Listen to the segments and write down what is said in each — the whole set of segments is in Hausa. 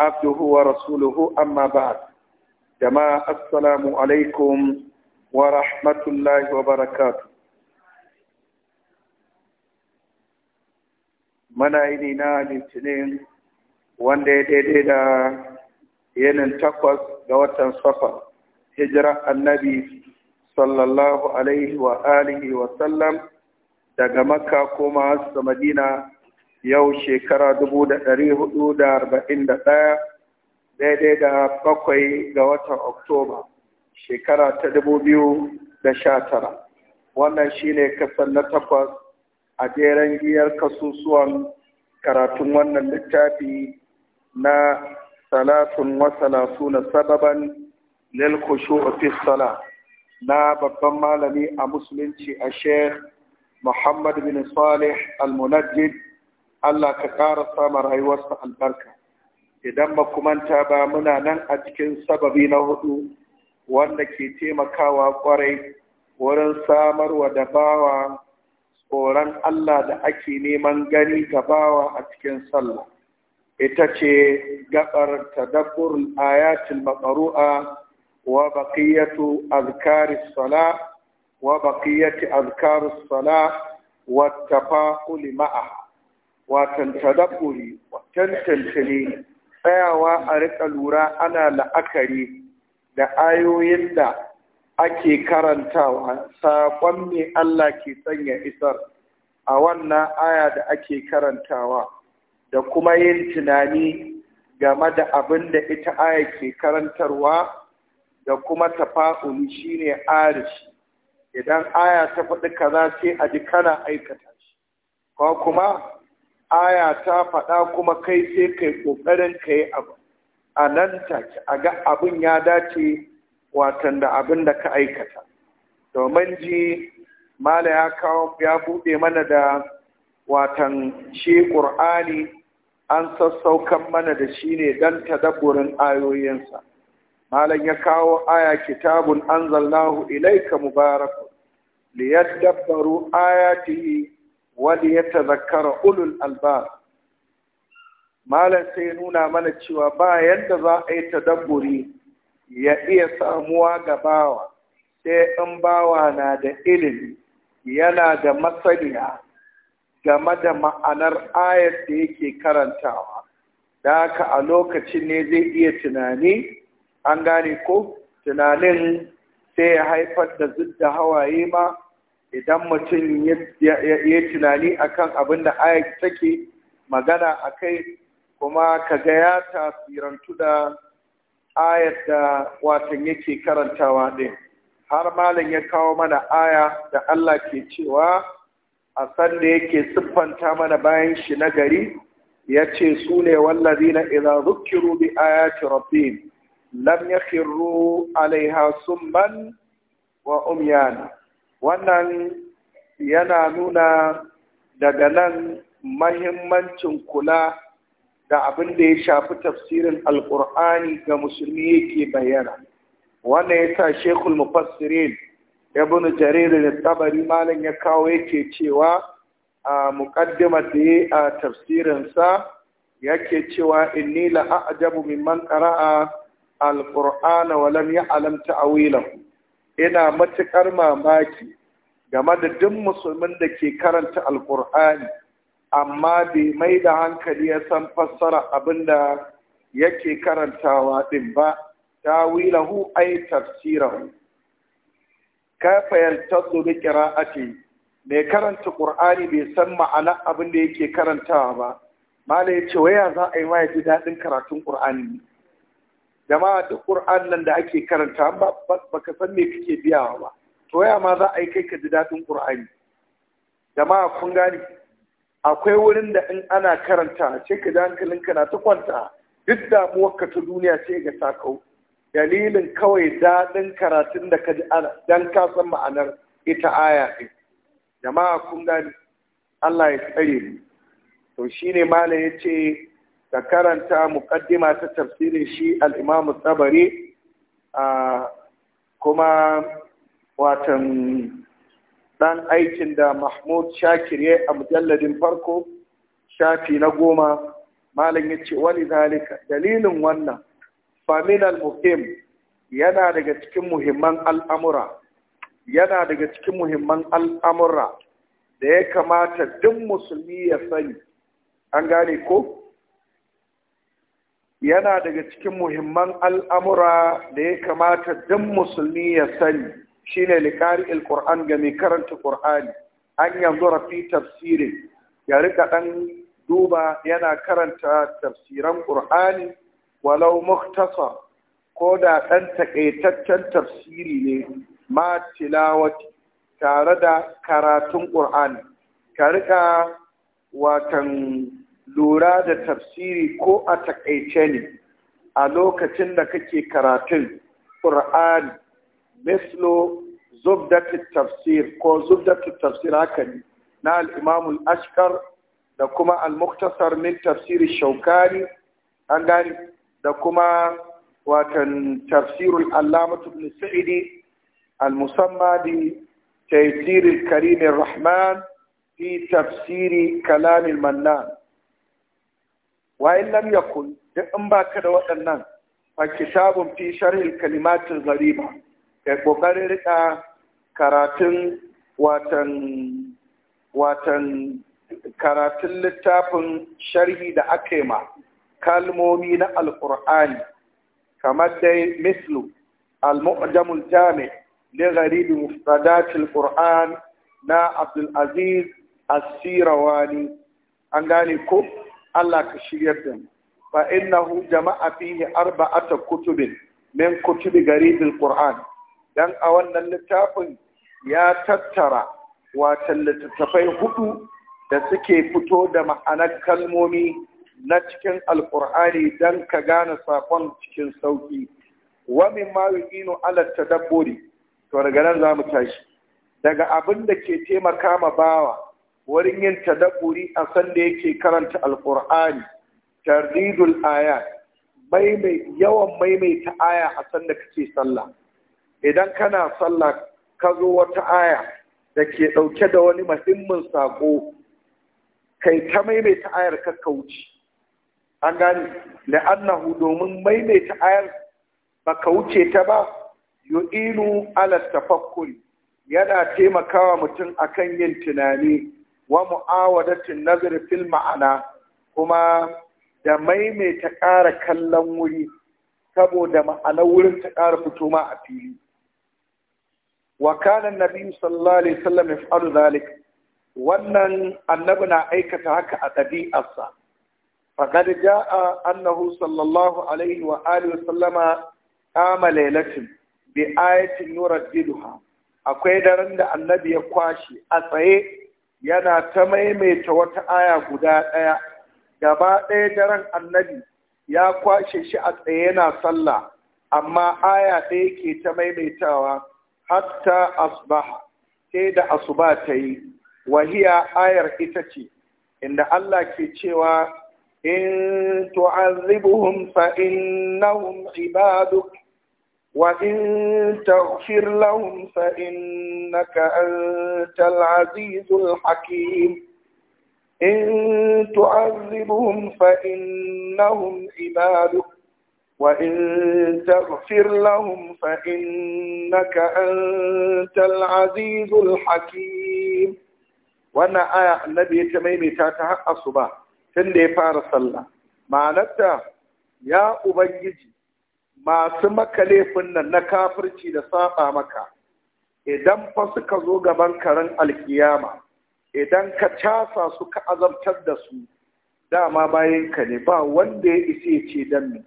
عبده ورسوله أما بعد جماعة السلام عليكم ورحمة الله وبركاته mana ini na litinin wanda ya daidai da yanin takwas ga watan safa hijira annabi sallallahu alaihi wa alihi wa sallam daga makka koma madina yau shekara dubu da ɗari hudu da arba'in da ɗaya daidai da bakwai ga watan oktoba shekara ta dubu biyu da sha tara wannan shine kasar na takwas a jeren giyar kasusuwan karatun wannan littafi na salatun wasalatu na sababan lalkushu khushu'u na babban malami a musulunci a sheikh muhammad bin salih al-munajjid Allah ka ƙara sama rayuwarsa albarka idan ba manta ba muna nan a cikin sababi na hudu wanda ke taimakawa kwarai wurin samarwa da bawa tsoron Allah da ake neman gani ga bawa a cikin sallah ita ce gabar tadabbur ayatul maqru'a wa baqiyatu azkaris sala wa baqiyati azkaris sala wa tafaqul ma'a. watan tadabburi tantance ne tsayawa a rika lura ana la'akari da ayoyin da ake karantawa saƙon ne Allah ke sanya isar a wannan aya da ake karantawa da kuma yin tunani game da abin da ita aya ke karantarwa da kuma tafa'uli shine arishi idan aya ta faɗi kaza sai a ji kana aikata shi ko kuma aya ta faɗa kuma kai sai kai ƙoƙarin ka yi abu a nan take a ga abin ya dace watan da abin da ka aikata domin ji mala ya kawo ya buɗe mana da watan shi ƙur'ani an sassaukan mana da shi ne don tadabburin ayoyinsa malam ya kawo aya kitabun anzalnahu ilaika mubarakun liyaddabbaru ayatihi wani ya zakara ulul albara. malam sai nuna mana cewa ba yadda za a yi tadabburi ya iya samuwa ga bawa sai in bawa na da ilimi yana da masaniya game da ma'anar ayar da yake karantawa da haka a lokacin ne zai iya tunani an gane ko tunanin sai ya haifar da zidda hawaye ma idan mutum ya yi tunani akan abin da ayat take magana a kai kuma ka ya tasirantu da ayat da watan yake karantawa ɗin har malam ya kawo mana aya da Allah ke cewa a san da yake siffanta mana bayan shi na gari ya ce su ne wallazi na idan zukiru bi ayati rabbihim lam yakhiru alaiha summan wa umyana wannan yana nuna daga nan mahimmancin kula da abin da ya shafi tafsirin Alƙur'ani ga musulmi yake bayyana wannan ya sa shekul mufassirin ibn jarir da tabari malam ya kawo yake cewa a muqaddimar da ya a tafsirinsa yake cewa inni a'jabu mimman qara'a alqur'ana wa lam ya'lam ta'wilahu ina matuƙar mamaki game da duk musulmin da ke karanta Alƙur'ani, amma bai mai da hankali ya san fassara abin da yake karantawa ɗin ba Ta tawilahu ai tafsiran. kafa yaltazu bi qira'ati mai karanta ƙur'ani bai san ma'ana abin da yake karantawa ba ya ce waya za a yi ma ya ji daɗin karatun ƙur'ani? jama'a da ƙur'an nan da ake karanta ba ka san me kake biyawa ba to ya ma za a yi kai ka ji daɗin ƙur'ani jama'a kun gane akwai wurin da in ana karanta ce ka ji hankalinka na ta kwanta duk ka ta duniya sai ga sakau dalilin kawai daɗin karatun da ka ji ana, dan ka san ma'anar ita aya ɗin jama'a kun gane Allah ya tsare ni to shine malam yace Da karanta mukaddima ta tafsirin shi alimam tsabari Tabari kuma watan ɗan aikin da Mahmud Shakir ya a mujalladin farko shafi na goma malam yace wani zalika dalilin wannan faminal muhim yana daga cikin muhimman al'amura yana daga cikin muhimman al'amura da ya kamata duk musulmi ya sani an gane ko yana daga cikin muhimman al'amura da ya kamata don musulmi ya sani shine ne il-Qur'an ga mai karanta ƙur'ani, an yanzu rafi tafsiri ya rika ɗan duba yana karanta tafsiran ƙur'ani, walau muktasa ko da ɗan taƙaitaccen tafsiri ne ma tilawati tare da karatun ƙur'ani. ka rika watan lura da tafsiri ko a takaice ne a lokacin da kake karatun ƙur'ani mislo zubdatu tafsir ko zubdatu tafsir haka ne na al'imamul ashkar da kuma al-muktasar min tafsiri shaukani an gani da kuma watan tafsirul allamatu ibn sa'idi al-musamma tafsirul rahman fi tafsiri kalamin mannan wa in lam yakun duk in ba ka da waɗannan a kitabun fi sharhil kalimatin ghariba da kokarin rika karatun watan watan karatun littafin sharhi da aka yi ma kalmomi na Alƙur'ani, kamar dai mislu al-mu'jamul jami li gharibi mufradatil quran na abdul aziz as an gane ko Allah ka shiryar da mu fa innahu jama'a fihi arba'ata kutubin min kutubi garibil qur'an dan a wannan littafin ya tattara wata littattafai hudu da suke fito da ma'anar kalmomi na cikin alkur'ani dan ka gane sakon cikin sauki wa min ma yu'inu ala tadabburi to daga nan za mu tashi daga abin da ke taimaka ma bawa wurin yin tadaburi a sanda yake karanta alkur'ani tardidul aya yawan maimaita aya a sanda kake sallah idan kana sallah ka zo wata aya da ke ɗauke da wani muhimmin saƙo kai ta maimaita ayar ka kauce an gani la'annahu domin maimaita ayar ba ka wuce ta ba yu'inu ala tafakkuri yana taimakawa mutum akan yin tunani wa mu'awadatin nazar fil ma'ana kuma da maimaita ƙara kallon wuri saboda ma'anar wurin ta ƙara fito ma a fili wa kana nabi sallallahu alaihi wasallam yaf'alu zalik wannan annabi na aikata haka a ɗabi'arsa faqad jaa annahu sallallahu alaihi wa alihi wasallama qama lailatin bi ayatin nuraddiduha akwai daren da annabi ya kwashi a tsaye yana ta maimaita wata aya guda ɗaya gaba ɗaya daren annabi ya kwashe shi a tsaye yana sallah amma aya ɗaya ke ta maimaitawa hatta asbaha sai da asuba ta yi wahiya ayar ita ce inda Allah ke cewa in tu'azzibuhum fa innahum ibaduk وإن تغفر لهم فإنك أنت العزيز الحكيم إن تعذبهم فإنهم عبادك وإن تغفر لهم فإنك أنت العزيز الحكيم wannan aya annabi ya ta maimaita ta har asuba tun da ya fara sallah ma'anarta ya ubangiji masu maka laifin nan na kafirci da saba maka idan fa suka zo gaban karen alkiyama idan ka casa su ka azabtar da su dama bayan ka ne ba wanda ya ya ce dan ne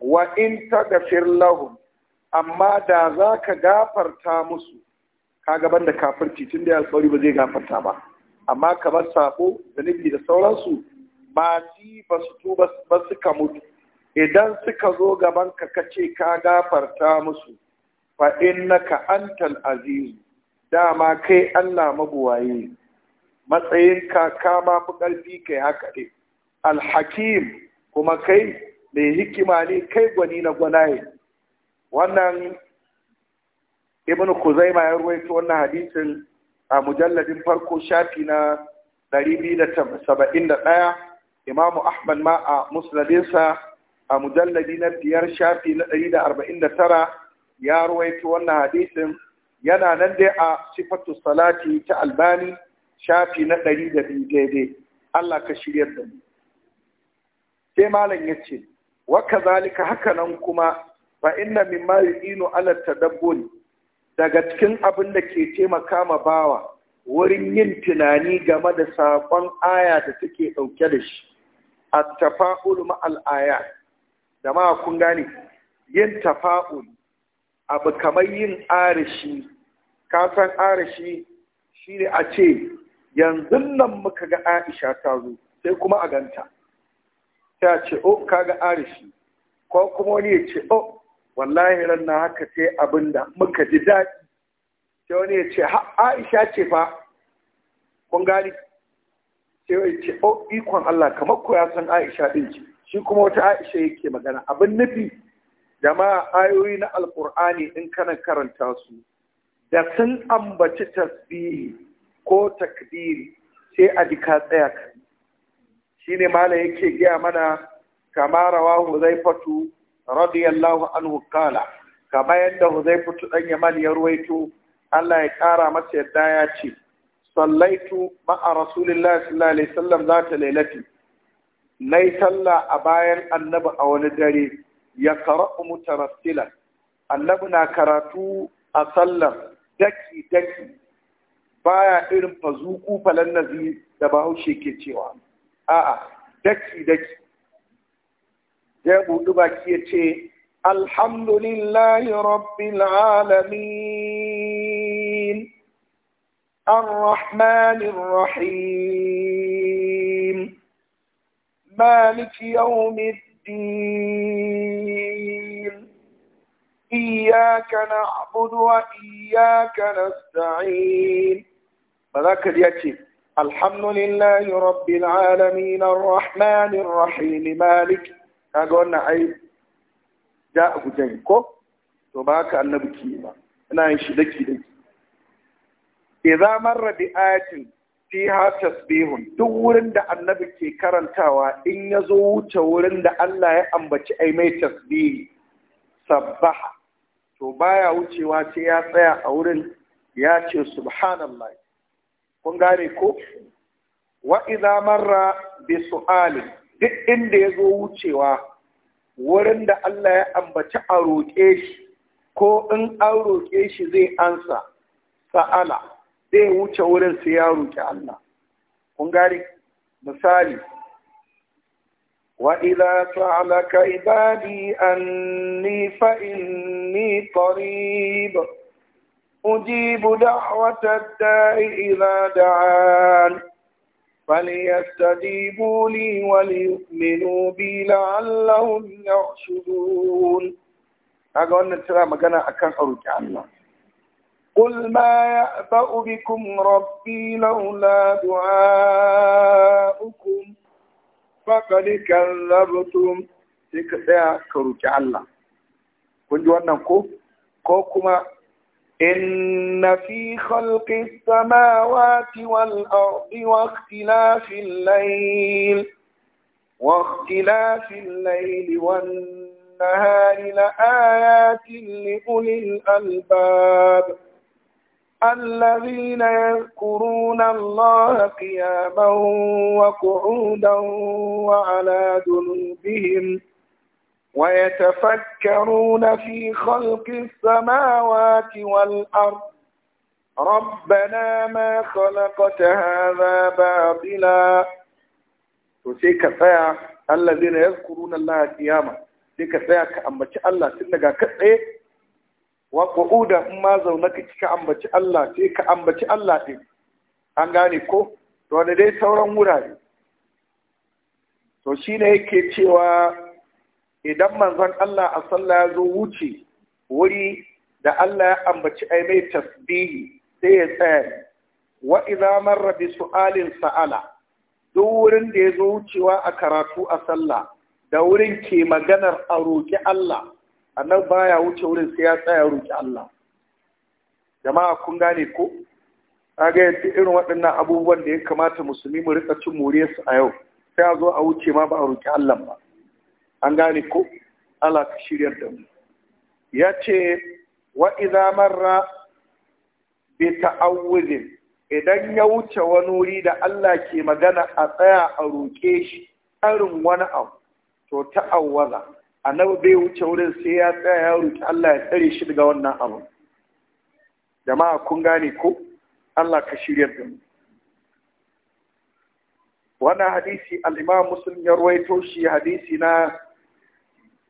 wa in tagfir lahum amma da za ka gafarta musu ka gaban da kafirci tun da alƙawari ba zai gafarta ba amma kamar sabo, da da sauransu ba ba su tuba ba suka mutu idan suka zo gaban ka kace ka gafarta musu fa innaka antal aziz dama kai Allah mabuwaye matsayin ka kama fi ƙarfi kai haka ne alhakim kuma kai mai hikima ne kai gwani na gwanaye wannan ibn kuzaima ya ruwaito wannan hadisin a mujalladin farko shafi na 271 imamu ahmad ma a musnadinsa a mujalladi na biyar shafi na ɗari da arba'in da tara ya ruwaito wannan hadisin yana nan dai a sifatu salati ta albani shafi na ɗari da biyu daidai Allah ka shiryar da mu sai malam ya ce wa kazalika haka nan kuma fa inna mimma inu ala dabboni. daga cikin abin da ke taimaka ma bawa wurin yin tunani game da saƙon aya da take ɗauke da shi A tafaul ma'al ayat jama'a kun gane yin tafa'ul abu kamar yin arishi ka san shi shine a ce yanzu nan muka ga Aisha ta zo sai kuma a ganta Ta ce ce oh, ka kaga arishi ko kuma wani ya ce o? Oh, wallahi ran na haka sai abin da muka ji daɗi sai wani ya ce Aisha ce fa kun gani sai ya ce o oh, ikon Allah kamar ko ya san Aisha ɗin ce shi kuma wata Aisha yake magana abin nufi jama'a ayoyi na alkur'ani in kana karanta su da sun ambaci tasbihi ko takdiri sai a ji ka tsaya ne mala yake gaya mana kama rawahu fatu radiyallahu anhu kala kama yadda huzaifatu ɗan yaman ya ruwaito Allah ya ƙara masa yadda ya ce sallaitu ma'a rasulillahi sallallahu alaihi wasallam zata lailati na yi sallah a bayan annabi a wani dare ya kara'u mutarassilan annabi na karatu a sallar daki-daki baya irin fazuku falan nazi da bahaushe ke cewa a'a daki-daki ya buɗi baki ya ce alhamdulillahi rabbil alamin الرحمن مالك يوم الدين إياك نعبد وإياك نستعين ملاك اليتيم الحمد لله رب العالمين الرحمن الرحيم مالك قلنا أي جاء جنكو تباك النبي كيما أنا إن شدك إذا مر بآتٍ fiha tasbihun duk wurin da annabi ke karantawa in ya zo wuce wurin da Allah ya ambaci ai mai tasbihi sabbaha to baya wucewa sai ya tsaya a wurin ya ce subhanallah kun gane ko wa idza marra bi su'alin duk inda ya zo wucewa wurin da Allah ya ambaci a roƙe shi ko in an roƙe shi zai ansa sa'ala zai wuce wurin su ya roƙi Allah kun gari misali وإذا سألك عبادي أني فإني قريب أجيب دعوة الداع إذا دعان فليستجيبوا لي وليؤمنوا بي لعلهم يرشدون أقول هو النسرة كان أكان أرجع الله قل ما يأبأ بكم ربي لولا دعاؤكم فقد كذبتم تكفي كروك الله قل كوكما إن في خلق السماوات والأرض واختلاف الليل واختلاف الليل والنهار لآيات لأولي الألباب الذين يذكرون الله قياما وقعودا وعلى جنوبهم ويتفكرون في خلق السماوات والأرض ربنا ما خلقت هذا باطلا وسيك الذين يذكرون الله قياما سيك فيا كأمة الله سنك كتئ wa da in ma zauna ka kika ambaci Allah sai ka ambaci Allah ɗin, an gane ko to wani dai sauran wurare to shi ne yake cewa idan manzon Allah a sallah ya zo wuce wuri da Allah ya ambaci ai mai tasbihi sai ya tsaya wa idza marra bi su'alin sa'ala duk wurin da ya zo wucewa a karatu a sallah da wurin ke maganar a roƙi Allah annabi baya wuce wurin sai ya tsaya roki Allah jama'a kun gane ko kaga yanzu irin waɗannan abubuwan da ya kamata musulmi mu rika cin su a yau sai a zo a wuce ma ba a roki Allah ba an gane ko Allah ka shiryar da mu ya ce wa idza marra bi ta'awudin idan ya wuce wani wuri da Allah ke magana a tsaya a roƙe shi karin wani abu to ta'awwaza annabi bai wuce wurin sai ya tsaya ya roki Allah ya tsare shi daga wannan abu jama'a kun gane ko Allah ka shirya da mu wannan hadisi al-Imam Muslim ya rawaito shi hadisi na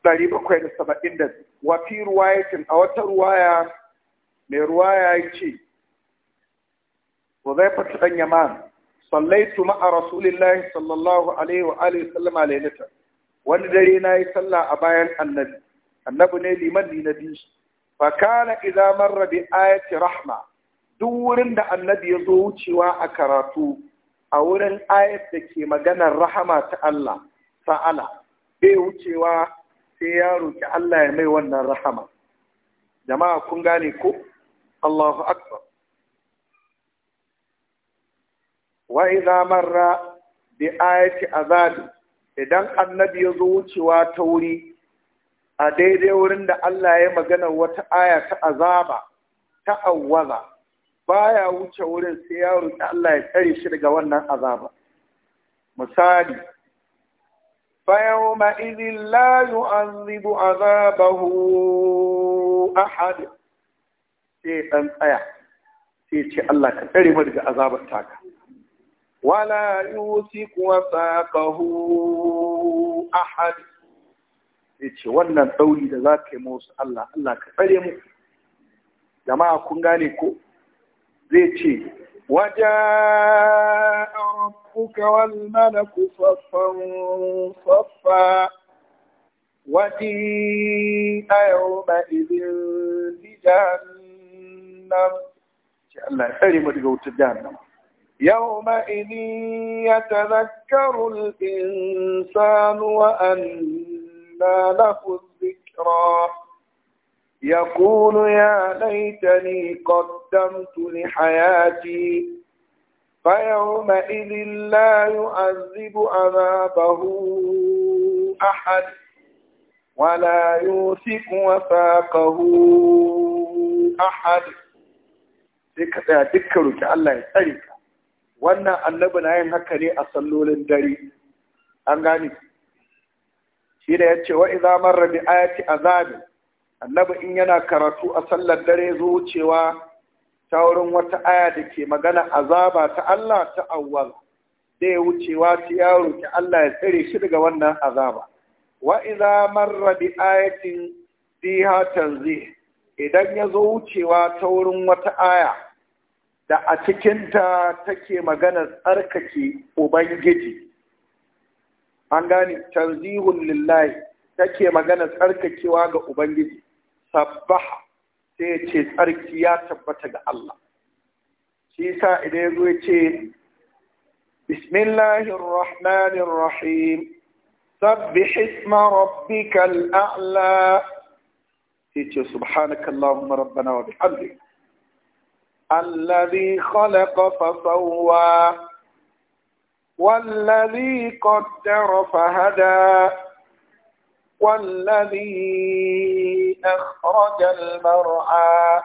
770 wa fi ruwayatin a wata ruwaya mai ruwaya yace fata بن يمان sallaitu ma'a رسول الله sallallahu alaihi عليه وآله وسلم lalata. wani dare na yi sallah a bayan annabi annabi ne liman ni na biyu fa kana idza marra bi ayati rahma duk wurin da annabi ya zo wucewa a karatu a wurin ayat da ke maganar rahama ta Allah ta'ala bai wucewa sai ya roki Allah ya mai wannan rahama jama'a kun gane ko Allahu akbar wa idza marra bi ayati azabi idan annabi ya zo wucewa ta wuri a daidai wurin da Allah ya magana wata aya ta azaba ta awwaza baya wuce wurin sai ya roƙi Allah ya tsare shi daga wannan azaba misali فيومئذ لا يعذب azabahu ahad sai ɗan tsaya sai ce Allah ka tsare mu daga azabar taka ولا يوثق وثاقه أحد yace wannan tsauri da za ka yi musu Allah Allah ka tsare mu jama'a kun gane ko zai ce waja rabbuka wal malaku saffan saffa wati ayawma idin bi jahannam ce Allah ya tsare mu daga wutar jahannama يومئذ يتذكر الإنسان وأنى له الذكرى يقول يا ليتني قدمت لحياتي فيومئذ لا يعذب عذابه أحد ولا يوثق وفاقه أحد ذكرك الله يسألك wannan annabi na yin haka ne a sallolin dare an gane shi da ya ce wa iza marra bi ayati azabin annabi in yana karatu a sallar dare zuciwa ta wurin wata aya da ke magana azaba ta Allah ta awwal zai wucewa ta yaro ki Allah ya tsare shi daga wannan azaba wa iza marra bi ayatin fiha tanzih idan ya zo wucewa ta wurin wata aya da a cikinta take maganar tsarkake ubangiji an gane tanzihun lillahi take magana tsarkakewa ga ubangiji sabbaha sai ce tsarki ya tabbata ga Allah shi sa idan yazo ya ce bismillahir rahmanir isma rabbikal a'la sai ce subhanakallahumma rabbana wa bihamdika الذي خلق فسوى والذي قدر فهدى والذي أخرج المرعى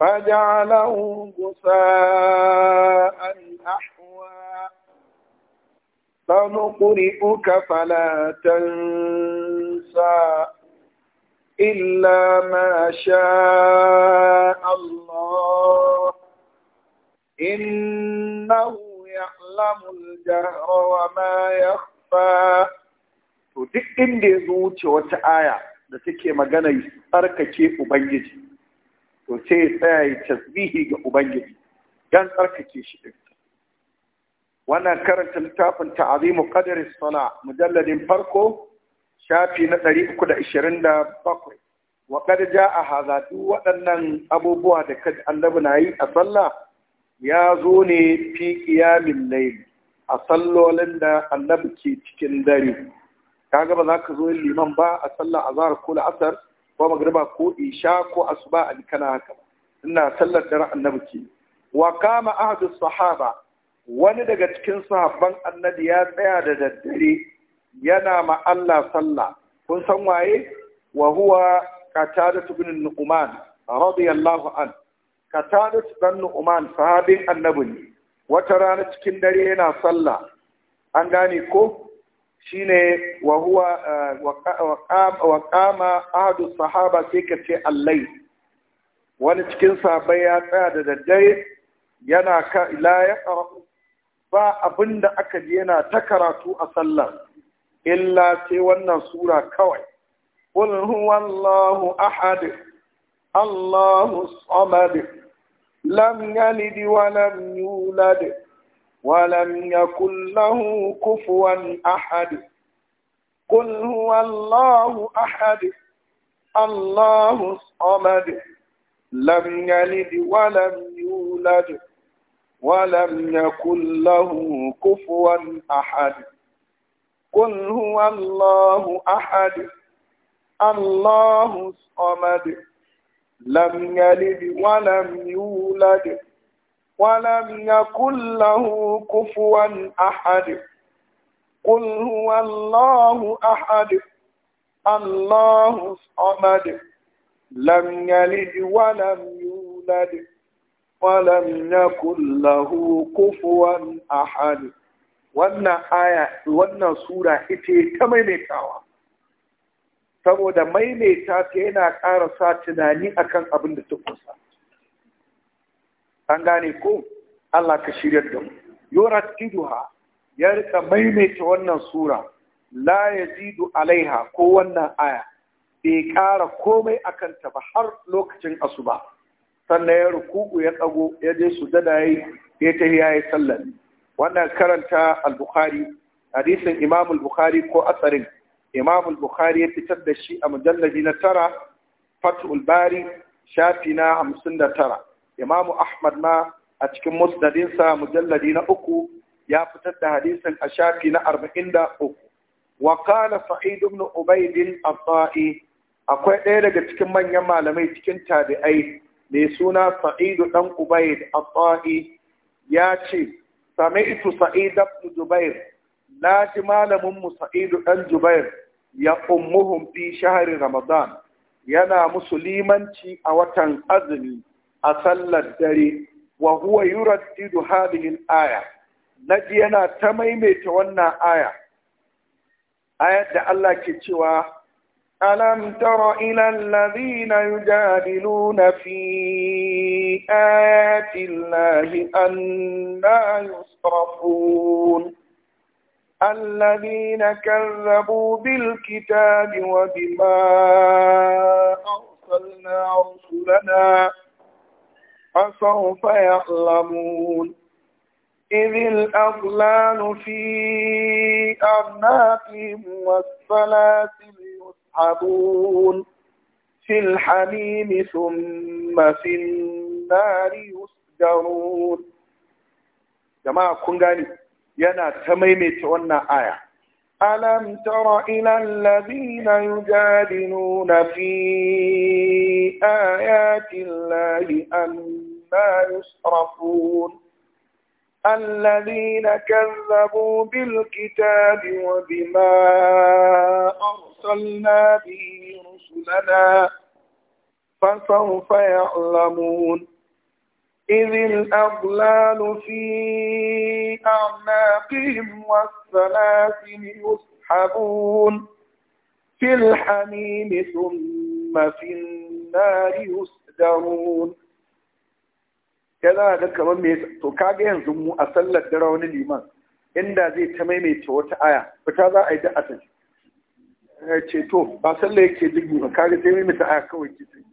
فجعله غثاء أحوى سنقرئك فلا تنسى إلا ما شاء الله إنه يعلم الجهر وما يخفى to duk inda ya zo wuce wata aya da take magana ya tsarkake ubangiji to sai ya tsaya ya tasbihi ga ubangiji dan tsarkake shi din wannan karanta littafin ta'azimu qadri sala mujalladin farko shafi na ɗari uku da ishirin da bakwai wa ja a hazatu waɗannan abubuwa da kaji annabi na yi a sallah ya zo ne fi ƙiyamin laili a sallolin da annabi ke cikin dare kaga ba za ka zo yin liman ba a sallah a zahar ko la'asar ko magriba ko isha ko asuba a kana haka ina sallar dare annabi ke wa kama ahadu sahaba wani daga cikin sahabban annabi ya tsaya da daddare yana ma Allah sallah kun san waye wa huwa qatadatu bin nu'man radiyallahu an qatadatu bin nu'man sahabin annabi wata rana cikin dare yana sallah an gane ko shine wa huwa eh, wa qama ahadu sahaba sai ka ce allai wani cikin sahabbai ya tsaya da daddare yana ka ila ya ba abinda aka ji yana ta karatu a sallah. إلا سيوانا سورة كوي قل هو الله أحد الله الصمد لم يلد ولم يولد ولم يكن له كفوا أحد قل هو الله أحد الله الصمد لم يلد ولم يولد ولم يكن له كفوا أحد قل هو الله أحد الله الصمد لم يلد ولم يولد ولم يكن له كفوا أحد قل هو الله أحد الله الصمد لم يلد ولم يولد ولم يكن له كفوا أحد wannan aya wannan sura ita ta maimaitawa saboda maimaita ta yana ƙara sa tunani akan abin da ta kusa an gane ko Allah ka shirya da mu Kiduha ya rika maimaita wannan sura la yazidu alaiha ko wannan aya bai ƙara komai akan ta ba har lokacin asuba sannan ya ruku, ya tsago ya je dada yi ya ya yi sallah wannan karanta al-bukhari hadisin imam al-bukhari ko asarin imam al-bukhari ya fitar da shi a mujalladi na tara fathul bari shafi na hamsin da tara imam ahmad ma a cikin musnadinsa mujalladi na uku ya fitar da hadisin a shafi na arba'in da uku wa qala sa'id ibn ubayd al akwai ɗaya daga cikin manyan malamai cikin tabi'ai mai suna sa'idu dan ubayd al ya ce sami'tu sa'id ibn jubair na ji malamin mu sa'id dan jubair ya ummuhum fi shahri ramadan yana musulimanci a watan azumi a sallar dare wahuwa huwa yuraddidu hadhihi aya naji yana ta maimaita wannan aya ayar da Allah ke cewa ألم تر إلى الذين يجادلون في آيات الله أنا يصرفون الذين كذبوا بالكتاب وبما أرسلنا رسلنا فسوف يعلمون إذ الأغلال في أعناقهم والسلاسل يسحبون في الحميم ثم في النار يسجرون جماعة كن قالي ينا تميمت ونا آية ألم تر إلى الذين يجادلون في آيات الله أنا يصرفون الذين كذبوا بالكتاب وبما أرسلنا به رسلنا فسوف يعلمون إذ الأضلال في أعناقهم والسلاسل يسحبون في الحميم ثم في النار يسدرون sai zana ga kamar me to kaga yanzu mu a sallar da wani liman inda zai ta maimaita wata aya fita za a yi da ce ceto ba sallar yake duk ba kaga sai maimaita aya kawai kitin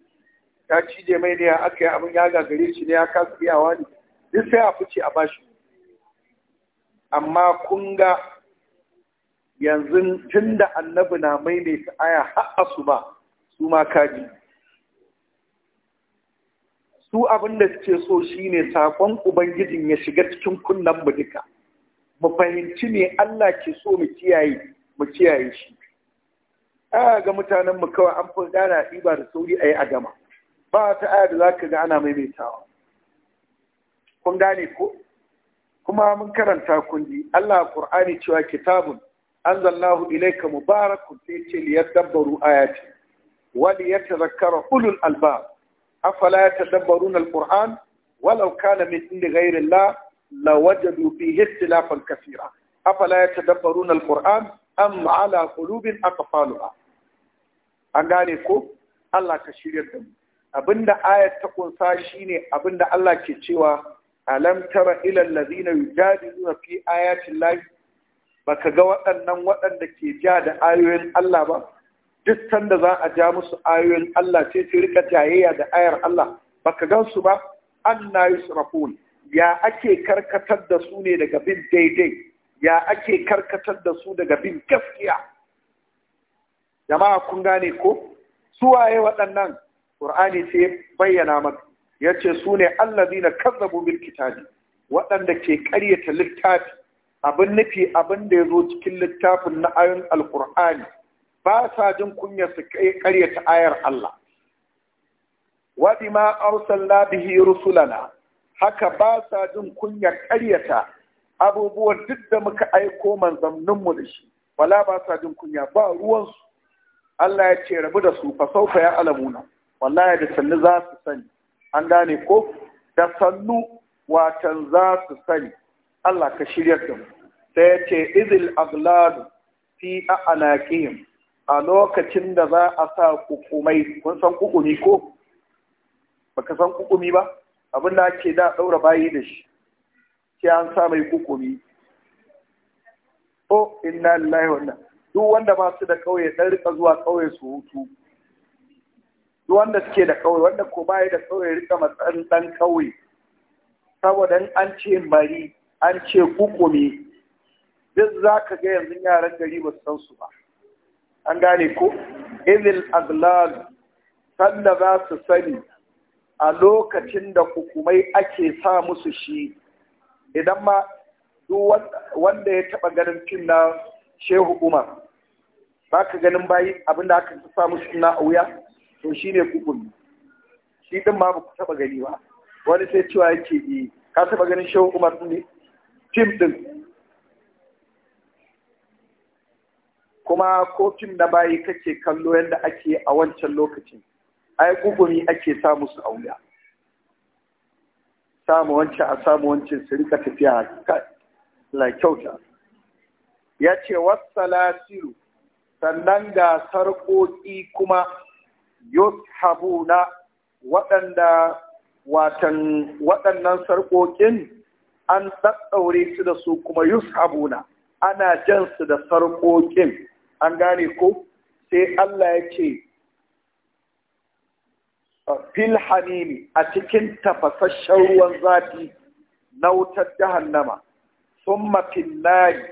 ya cije mai ne ya aka yi abin ya gagare shi ne ya kasu iyawa ne duk sai a fice a bashi amma kun ga yanzu tun da annabi na maimaita aya har asuba su ma kaji su abin da suke so shine sakon ubangijin ya shiga cikin kunnen mu duka mu fahimci ne Allah ke so mu kiyaye mu kiyaye shi a ga mutanen mu kawai an fi a ɗiba da sauri ayi adama? a ba ta aya da za ka ga ana maimaitawa kun gane ko kuma mun karanta kundi Allah Qur'ani cewa kitabun anzalnahu ilayka mubarakun sai ce liyadabbaru ayati wa liyatadhakkara ulul albab afala yatadabbaruna alquran walau kana min indi ghayri allah lawajadu fihi ikhtilafan kathira afala yatadabbaruna alquran am ala qulubin aqfaluha an gane ko Allah ka shirya da mu abinda ayat ta kunsa shine abinda Allah ke cewa alam tara ila allazina yujadiluna fi ayati llahi baka ga waɗannan waɗanda ke ja da ayoyin Allah ba duk sanda za a ja musu ayoyin Allah ce su rika jayayya da ayar Allah ba ka gan su ba anna yusrafun ya ake karkatar da su ne daga bin daidai ya ake karkatar da su daga bin gaskiya jama'a kun gane ko suwaye waɗannan Qur'ani sai bayyana maka ce su ne allazina kazzabu bil kitabi waɗanda ke karyata littafi abin nufi abin da ya zo cikin littafin na ayon alƙur'ani ba sa jin kunyar su karyata ayar Allah wa bima arsalna bihi rusulana haka ba sa jin kunyar karyata abubuwan duk da muka aiko manzanninmu da shi wala ba sa jin kunya ba ruwansu Allah ya ce rabu da su fa saufa ya alamuna wallahi da sannu za su sani an gane ko da sannu watan za su sani Allah ka shirya da mu sai ya ce izil agladu fi a'anaqihim a lokacin da za a sa kukumai kun san kukumi ko baka san kukumi ba abin da ake da ɗaura bayi da shi sai an sa mai kukumi o oh, inna lillahi wannan duk wanda ba su da kauye dan rika zuwa kauye su hutu duk wanda suke da kauye wanda ko baya da kauye rika matsan dan kauye saboda an ce mari an ce kukumi duk zaka ga yanzu yaran gari ba su san su ba an gane ku? izil aglal sanda za su sani a lokacin da hukumai ake sa musu shi idan ma wanda ya taba ganin fim na shehu umar ba ka ganin bayi abinda aka sa musu na wuya to shi ne kukumi shi din ma ba ku taba gani ba wani sai cewa yake yi ka taba ganin shehu umar ne fim din kuma ko fim na bayi kake kallo yadda ake a wancan lokacin ai gugumi ake samu su auya samu wancan a samu wancan su rika tafiya la kyauta ya ce wassalasiru sannan ga sarƙoƙi kuma yushabuna waɗanda watan waɗannan sarƙoƙin an ɗaɗɗaure su da su kuma yushabuna ana jan su da sarƙoƙin an gane ko sai Allah ya ce fil hanimi a cikin tafasasshen ruwan zafi na wutar jahannama sun mafin nari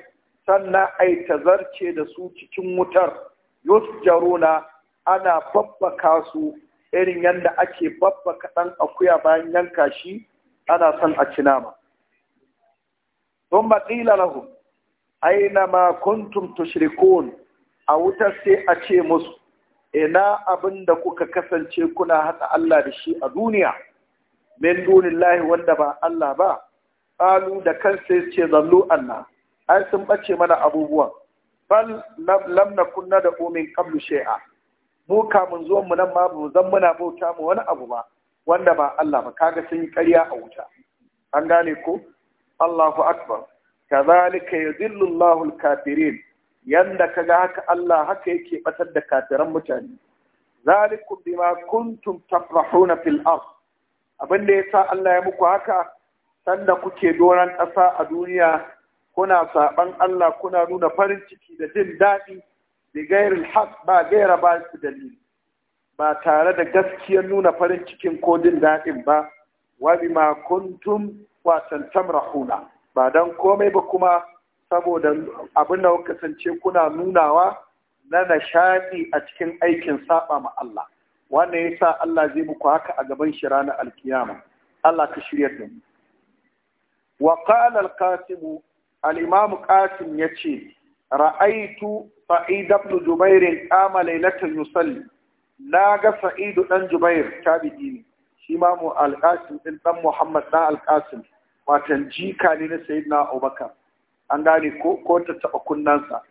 sannan ai zarce da su cikin wutar jaruna ana babbaka su irin yadda ake babbaka ɗan akuya bayan yanka shi ana son a ci nama sun matsila lahum aina ma kuntum tushrikun a wutar sai a ce musu ina abin da kuka kasance kuna haɗa Allah da shi a duniya min dunillahi wanda ba Allah ba alu da sai ce zallu Allah ai sun bace mana abubuwan bal lam kunna da omin qablu shay'a mu kamun zo mu nan ma mu zan muna bauta mu wani abu ba wanda ba Allah ba kaga sun yi ƙarya a wuta an gane ko Allahu akbar kazalika yadhillu Allahu al-kafirin yanda ga haka Allah haka yake batar da kafiran mutane zalikum bima kuntum tafrahuna fil ard abin da yasa Allah ya muku haka sanda kuke doran ƙasa a duniya kuna saban Allah kuna nuna farin ciki da jin daɗi bi gairil haq ba gaira ba su dalili ba tare da gaskiyar nuna farin cikin ko jin daɗin ba wa bima kuntum wa tamrahuna ba don komai ba kuma saboda abin da kuka kasance kuna nunawa na nashaɗi a cikin aikin saba ma Allah wannan sa Allah zai muku haka a gaban shi ranar alkiyama Allah ka shirya da mu wa qala al-qasim al-imam qasim yace ra'aitu sa'id ibn jubair qama laylatan yusalli na ga sa'id dan jubair tabi'i ne shi ma mu al-qasim din dan muhammad dan al watan jika ne na sayyidina abubakar an gane ko ta taɓa kunnansa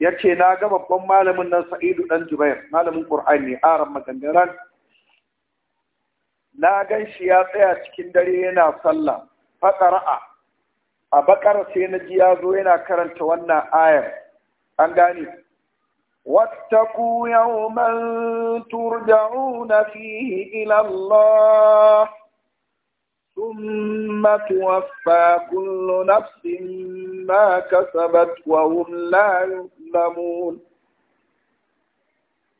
ya ce na ga babban malamin nan sa'idu Dan jubair malamin ƙur'ani aran magandaran na gan shi ya tsaya cikin dare yana sallah faɗara'a a bakar sai na ji ya zo yana karanta wannan ayar an gane wattaku yawman turja'una fihi ila Allah ثم توفى كل نفس ما كسبت وهم لا يظلمون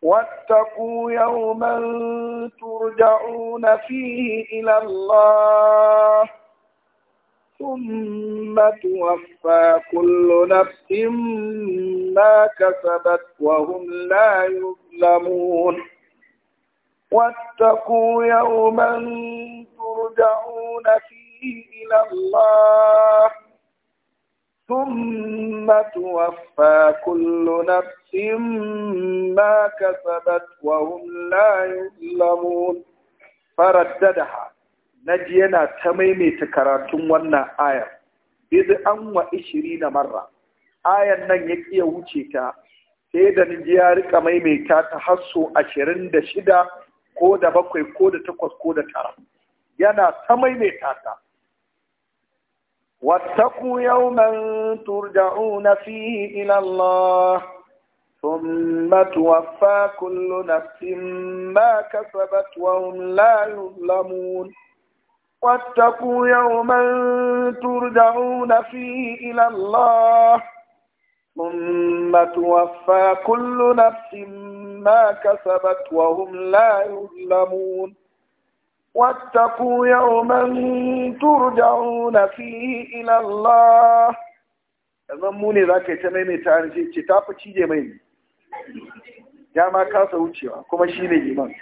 واتقوا يوما ترجعون فيه إلى الله ثم توفى كل نفس ما كسبت وهم لا يظلمون واتقوا يوما ترجعون فيه إلى الله ثم توفى كل نفس ما كسبت وهم لا يظلمون فرددها نجي yana ta maimaita karatun wannan ayar iz an wa ishirina marra ayan nan ya kiya wuce ta sai da ni ya rika maimaita ta hasso ashirin da shida ko da bakwai ko da takwas ko da tara yana ta maimaita ta واتقوا يوما ترجعون فيه إلى الله ثم توفى كل نفس ما كسبت وهم لا يظلمون واتقوا يوما ترجعون فيه إلى الله ثم توفى كل نفس ما كسبت وهم لا يظلمون واتقوا يوما ترجعون فيه إلى الله zan mu ne za ka yi ta maimaita an ce ce tafi cije mai ne ya ma kasa wucewa kuma shi ne liman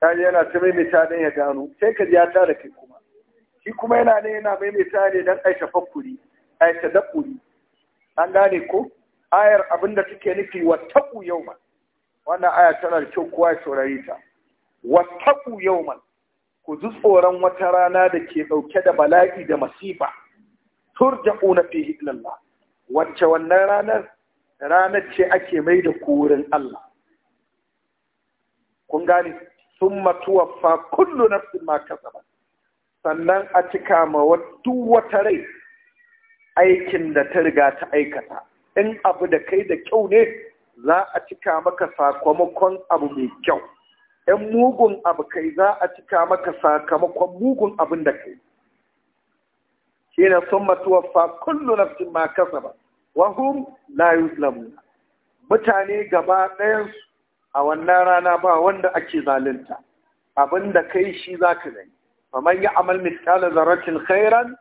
ta yana ta maimaita don ya gano sai ka ji ya tara kai kuma shi kuma yana ne yana maimaita ne don aita fakuri aita dakuri an gane ko ayar abinda take nufi wa taku yau ma wannan aya tana da kyau kowa ya saurare ta wattaqu yawman ku ji tsoron wata rana da ke dauke da bala'i da masifa turja'una fihi ila Allah wacce wannan ranar ranar ce ake mai da kurin Allah kun gane summa tuwaffa kullu nafsin ma kasabat sannan a cika ma duk wata rai aikin da ta riga ta aikata in abu da kai da kyau ne za a cika maka sakamakon abu mai kyau ‘yan mugun abu kai za a cika maka sakamakon mugun abin da kai shi ne sun matuwa fa na fi ma kasa ba wahum la yuzlamu mutane gaba ɗayansu a wannan rana ba wanda ake zalunta abin da kai shi za ka gani faman ya amal miskala zaratin khairan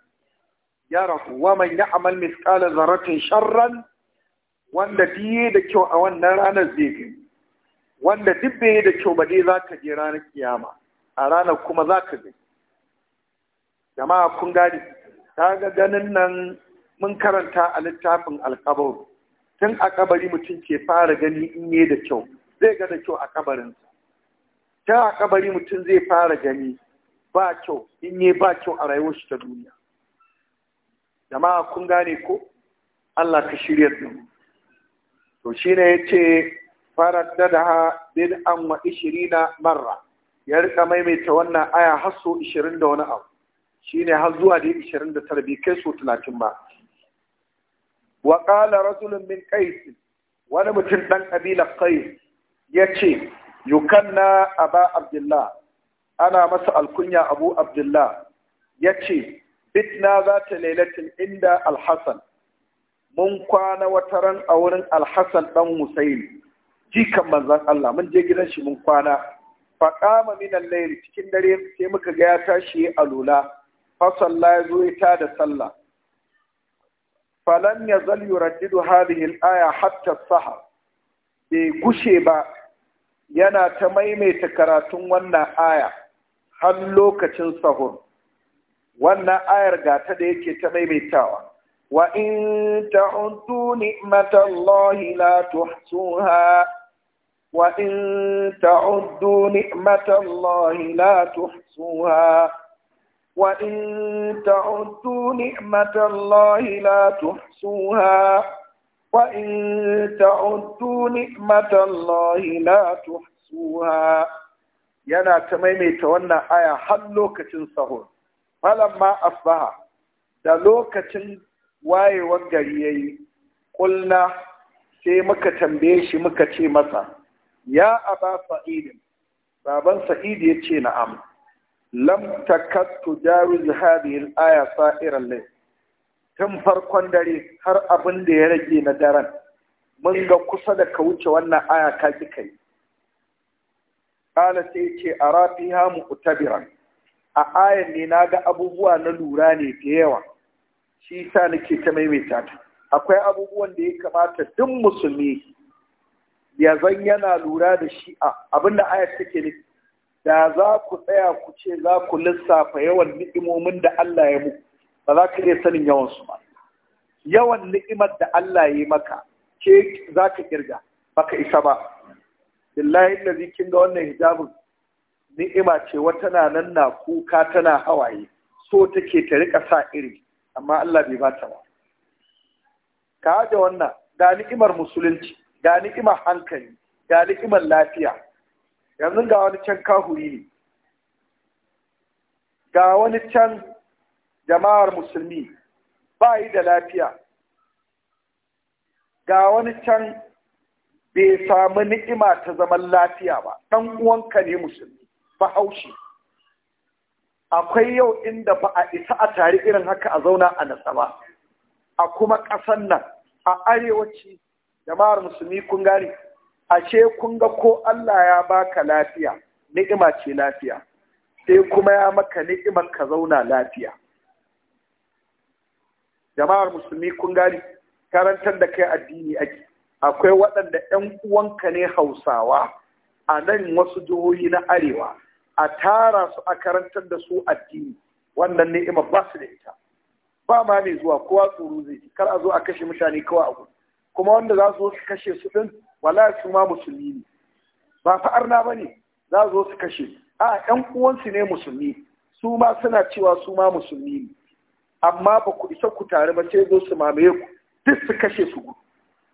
rahu wa man ya amal miskala zaratin sharran wanda biye da kyau a wannan ranar zai gani wanda duk bai da kyau ba dai za ka je ranar kiyama a ranar kuma za ka gani jama'a kun gani ta ga ganin nan mun karanta a littafin alkabar tun a kabari mutum ke fara gani in yi da kyau zai ga da kyau a kabarinsa ta a kabari mutum zai fara gani ba kyau in yi ba kyau a rayuwar shi ta duniya jama'a kun gane ko Allah ka shirya da to shi ne ya shine yace faraddadaha bin an wa 20 marra ya rika maimaita wannan aya har so ishirin da wani abu shine har zuwa da 29 bai kai so 30 ba wa qala rajulun min qais wani mutum dan kabila qais yace yukanna aba abdullah ana masa alkunya abu abdullah yace bitna za ta lailatin inda alhassan mun kwana wata ran a wurin alhassan ɗan husaini jikan manzan Allah mun je gidan shi mun kwana faƙama minan layl cikin dare sai muka ga ya tashi ya alula fasalla ya zo ya da sallah falan ya zal yuraddidu hadhihi al-aya hatta sahar bai gushe ba yana ta maimaita karatun wannan aya har lokacin sahur wannan ayar gata da yake ta maimaitawa وإن تعدوا نعمة الله لا تحصوها وإن تعدوا نعمة الله لا تحصوها وإن تعدوا نعمة الله لا تحصوها وإن تعدوا نعمة الله لا تحصوها ينا تميمي تونا آية حلوكة سهور فلما أصبح da lokacin wayewar gari yi. kulna sai muka tambaye shi muka ce masa ya aba sa'idin baban sa'id ya ce na'am lam takat tujawiz hadhihi aya sa'iran lay tun farkon dare har abin da ya rage na daren mun ga kusa da ka wuce wannan aya ka ki kai kala sai ce a rafiha tabiran. a ayan ne na ga abubuwa na lura ne da yawa shi sa nake ta maimaita ta akwai abubuwan da ya kamata duk musulmi ya zan yana lura da shi a Abin da ayat take ne da za ku tsaya ku ce za ku lissafa yawan ni'imomin da Allah ya muku ba za ka iya sanin yawan su ba yawan ni'imar da Allah ya yi maka ce za ka kirga baka isa ba billahi lazi kin ga wannan hijabin ni'ima ce wata na nan na kuka tana hawaye so take ta rika sa iri amma Allah bai bata ba ka haɗe wannan ga ni'imar musulunci ga ni'imar hankali ga ni'imar lafiya yanzu ga wani can kahuri ne ga wani can jama'ar musulmi ba yi da lafiya ga wani can bai samu ni'ima ta zaman lafiya ba ɗan uwanka ne musulmi bahaushe akwai yau inda ba a isa a tare irin haka a zauna a nasaba. a kuma ƙasan nan a arewaci jama'ar musulmi kun a ashe kun ga ko Allah ya baka lafiya ni'ima ce lafiya sai kuma ya maka ni'imar ka zauna lafiya jama'ar musulmi kun karantar da kai addini ake akwai waɗanda 'yan uwanka ne hausawa a nan wasu jihohi na arewa a tara su a karantar da su addini wannan ni'imar ba su da ita ba ma mai zuwa kowa tsoro zai kar a zo a kashe mutane kawai a kuma wanda za su su kashe su din wala su ma musulmi ne ba fa arna ne. za su su kashe a 'yan uwansu ne musulmi su ma suna cewa su ma musulmi ne amma ba ku isa ku tare ba sai zo su mamaye ku duk su kashe su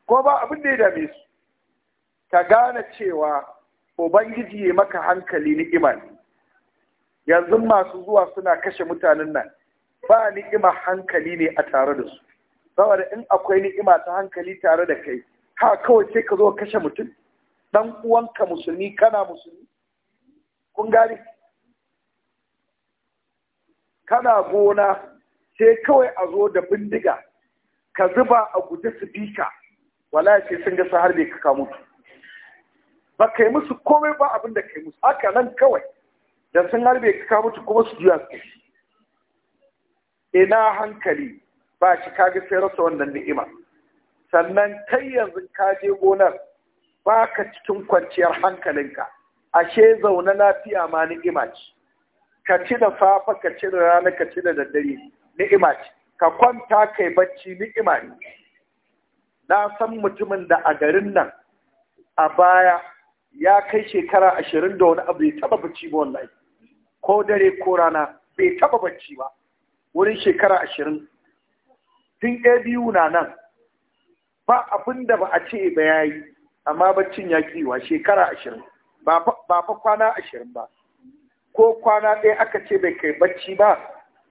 ko ba abin da ya dame su ka gane cewa ubangiji ya maka hankali ni'ima ne yanzu masu zuwa suna kashe mutanen nan ba ni'ima hankali ne a tare da su saboda in akwai ni'ima ta hankali tare da kai ha kawai sai ka zo kashe mutum Ɗan uwanka musulmi kana musulmi kun gane kana gona sai kawai a zo da bindiga ka zuba a guji sifika wala sai sun ga su harbe ka mutu ba kai musu komai ba abin da kai musu haka nan kawai da sun harbe ka ka mutu kuma su juya su ina hankali ba shi ga sai rasa wannan ni'ima sannan kai yanzu ka je gonar ba ka cikin kwanciyar hankalinka ashe zaune lafiya ma ni'ima ce ka ci da safa ka ci da rana ka ci da daddare ni'ima ce ka kwanta kai bacci ni'ima ne na san mutumin da a garin nan a baya ya kai shekara ashirin da wani abu ya taba bacci ba wallahi ko dare ko rana bai taba bacci ba wurin shekara ashirin tun ɗaya biyu na nan ba abin da ba a ce ba ya yi amma baccin ya kiwa shekara ashirin ba fa kwana ashirin ba ko kwana ɗaya aka ce bai kai bacci ba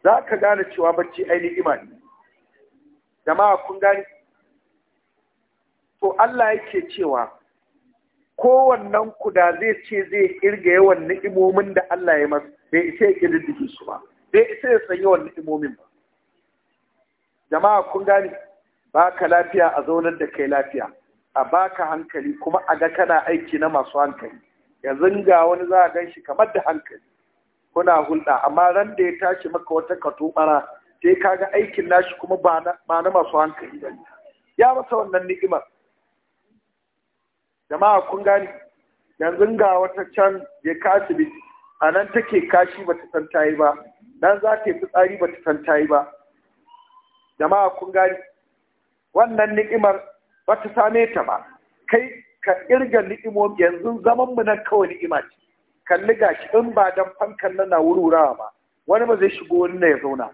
za ka gane cewa bacci ainihin imani jama'a kun gani to Allah yake cewa kowannen ku da zai ce zai kirga yawan ni'imomin da Allah ya masa bai isa ya kirdige su ba bai isa ya san yawan ni'imomin ba jama'a kun gane baka lafiya a zaunar da kai lafiya a baka hankali kuma a ga kana aiki na masu hankali Ya ga wani za a gan shi kamar da hankali kuna hulɗa amma ran da ya tashi maka wata katubara sai kaga aikin nashi kuma ba na masu hankali ba ya masa wannan ni'imar jama'a kun gani yanzu ga wata can je ka a nan take kashi ba ta san tayi ba nan za ta yi fitsari ba ta san tayi ba jama'a kun gani wannan ni'imar ba ta same ta ba kai ka irga ni'imomi yanzu zaman mu nan kawai ni'ima ce kalli gashi in ba dan fankan nan na wurwurawa ba wani ba zai shigo wani na ya zauna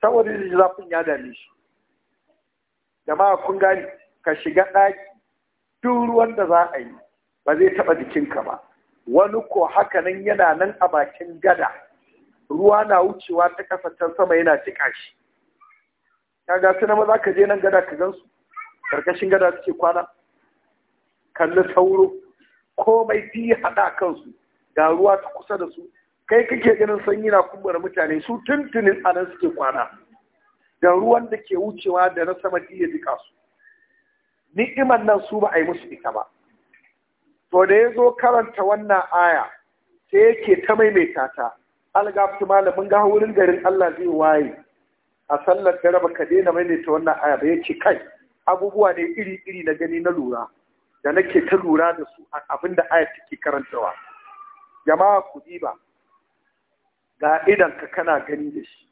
saboda zafin ya dame shi jama'a kun gani ka shiga ɗaki duk ruwan da za a yi ba zai taɓa jikinka ba wani ko haka nan yana nan a bakin gada ruwa na wucewa ta ƙasa can sama yana cika shi kaga suna na maza ka je nan gada ka gan su? karkashin gada suke kwana kalli sauro komai fi haɗa kansu ga ruwa ta kusa da su kai kake ganin sanyi na kumbura mutane su tuntunin anan suke kwana da ruwan da ke wucewa da na sama ya jika su ni'imar nan su ba a yi musu ita ba to da ya zo karanta wannan aya sai yake ta maimaita ta algafi malamin ga wurin garin Allah zai waye a sallar da raba ka daina ta wannan aya ba yake kai abubuwa ne iri iri na gani na lura da nake ta lura da su abin da aya take karantawa jama'a ku ba ga idan ka kana gani da shi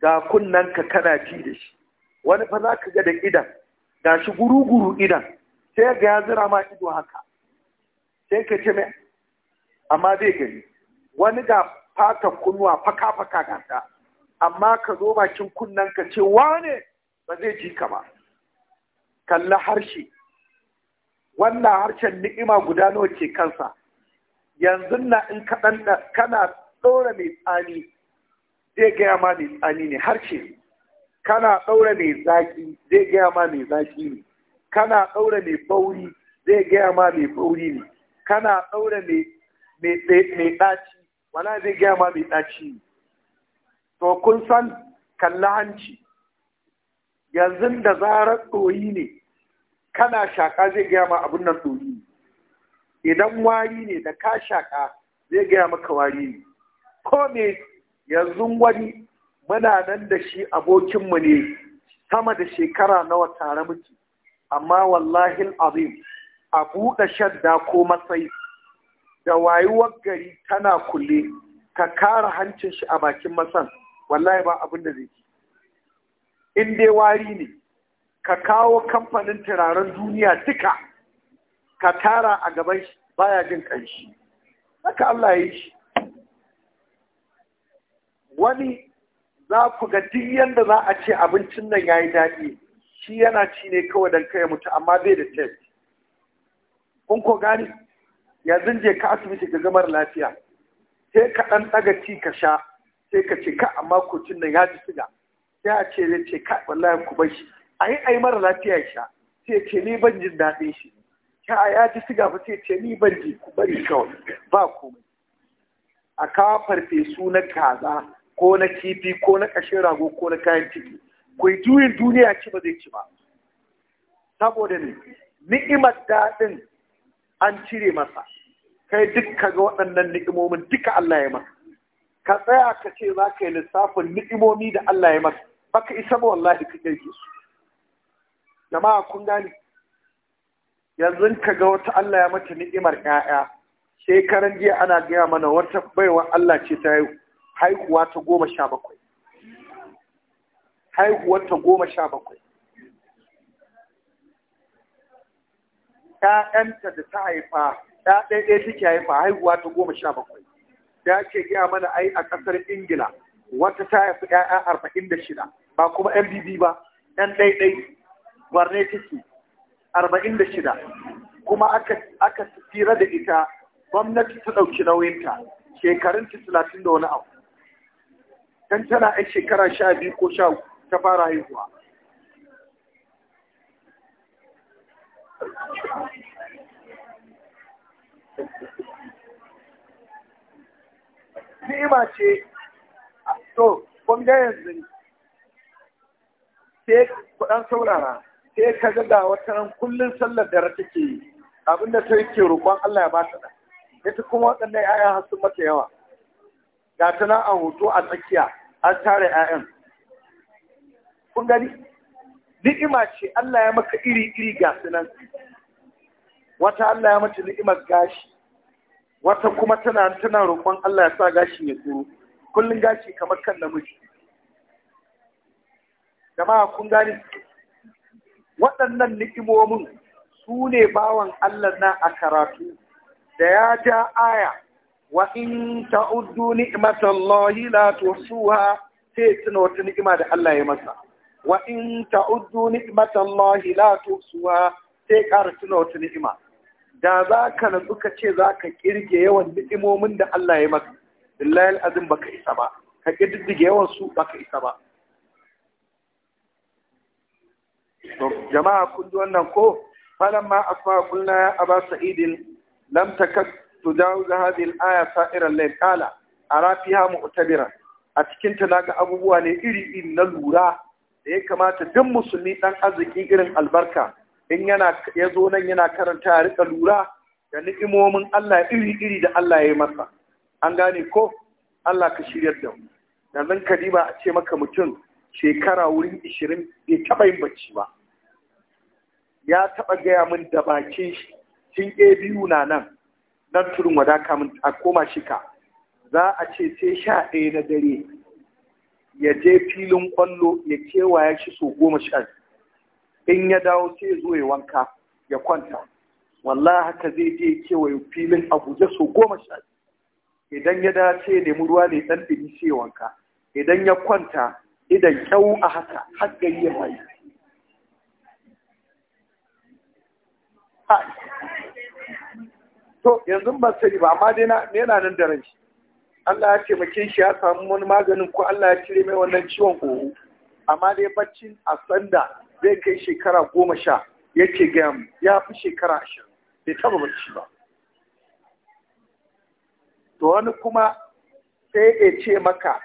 ga kunnen ka kana ji da shi wani fa za ka ga da idan ga shi guru idan sai ga ya zira ma ido haka sai ka ce mai amma zai gani wani ga fata kunnuwa faka-faka gasa amma ka zo bakin kunnen ka ce wane ba zai ji ka ba kalla harshe wannan harshen ni'ima guda nawa ke kansa yanzu na in da, kana ɗora mai tsani zai gaya ma mai tsani ne harshe kana ɗaura mai zaki zai gaya ma mai zaki ne kana ɗaura mai bauri zai gaya ma mai bauri ne kana ɗaura mai ɗaci wala zai gaya ma mai ɗaci ne to kun san kalla hanci yanzu da zarar ɗoyi ne kana shaƙa zai gaya ma abin nan ɗoyi ne idan wari ne da ka shaƙa zai gaya maka wari ne ko me yanzu wani muna nan da shi abokinmu ne sama da shekara nawa tare muke amma wallahi azim a buɗe shadda ko matsayi da wayuwar gari tana kulle ka kara hancin shi a bakin masan wallahi ba abin da zai ci in dai wari ne ka kawo kamfanin turaren duniya duka ka tara a gaban shi baya jin ƙanshi haka Allah ya yi shi wani za ku ga duk yadda za a ce abincin nan ya yi daɗi shi yana ci ne kawai don kai mutu amma bai da test kun ko gani yanzu je ka asibiti ka gamar lafiya sai ka ɗan ɗaga ci ka sha sai ka ce ka amma kocin nan ya ji siga sai a ce zai ce ka wallahi ku bar shi a yi a yi mara lafiya ya sha sai ce ni ban jin daɗin shi ka ya ji siga fa sai ce ni ban ji ku bari kawai ba komai a kawo farfesu na kaza ko na kifi ko na ƙashin rago ko na kayan ciki ku yi juyin duniya ci ba zai ci ba saboda ne ni'imar daɗin an cire masa kai duk ka ga waɗannan ni'imomin duka Allah ya masa ka tsaya ka ce za ka yi lissafin ni'imomi da Allah ya masa baka isa ba wallahi ka kirki su jama'a kun gane yanzu ka ga wata Allah ya mata ni'imar 'ya'ya shekaran jiya ana gaya mana wata baiwa Allah ce ta yi haihuwa ta goma sha bakwai haihuwar ta goma sha bakwai ‘ya'yanta da ta haifa ‘ya ɗaya take haifa haihuwa ta goma sha bakwai da ke gaya mana ai a ƙasar ingila wata ta haifi ‘ya'ya arba'in da shida ba kuma ‘yan bibi ba ‘yan ɗaiɗai barne take arba'in da shida kuma aka tsira da ita gwamnati ta ɗauki nauyinta shekarun talatin da wani abu dan tana yan shekara sha biyu ko sha ta fara haihuwa ni'ima ce to kun ga yanzu sai kudan saurara sai ka ga da wata ran kullun sallar da dare take yi abinda ta yake roƙon Allah ya ba ta ita kuma waɗannan yayan hasu sun mata yawa ga ta nan a hoto a tsakiya an tare 'ya'yan kun gani ni'ima ce Allah ya maka iri-iri ga nan wata Allah ya mace ni'imar gashi wata kuma tana tana roƙon Allah ya sa gashi ya tsoro kullum gashi kamar kan namiji jama'a kun gani waɗannan ni'imomin su ne bawan Allah na a karatu da ya ja aya wa’in ta uddu ni’imata Allahi lati sai ha ta yi ni’ima da Allah ya masa. Wa’in ta uddu ni’imata Allahi lati wasu ha ta yi ƙara ni’ima. Da za ka na suka ce za ka kirge yawan ni’imomin da Allah ya masa, Allah ya azin ba ka isa ba, ka ƙirge yawan su ba ka isa ba. Jama'a kun ji wannan ko, falon ma a kuma kulna ya a ba sa'idin lamta Sajar jihar bin Ayah Sa'iran Laikala, Arafihamu At-Tabirat, a cikin na ga abubuwa ne iri-iri na lura, da ya kamata fin musulmi dan arziki irin albarka, in ya zo nan yana karanta ya riƙa lura, da ni'imomin Allah iri-iri da Allah ya yi masa, an gane ko. Allah ka shirya da ku. Dandankadi ba a ce maka mutum shekara wurin ishirin bai taɓa yin bacci ba. Ya taɓa gaya min da bakin shi kin Ebiwu na nan. nan tudun wada kamun a koma shika za a ce sai sha ɗaya na dare ya je filin kwallo ya kewaya shi so goma sha in ya dawo sai zo ya wanka ya kwanta wallahi haka zai je kewaye filin abuja so goma sha idan ya dace ya nemi ruwa ne dan ɗumi sai ya wanka idan ya kwanta idan kyau a haka har gari ya bayi to yanzu ba sani ba amma dai na yana nan da rai Allah ya taimake shi ya samu wani maganin ko Allah ya cire mai wannan ciwon kohu amma dai baccin a sanda zai kai shekara goma sha yake gaya mu ya fi shekara ashirin bai taba bacci ba to wani kuma sai ya ce maka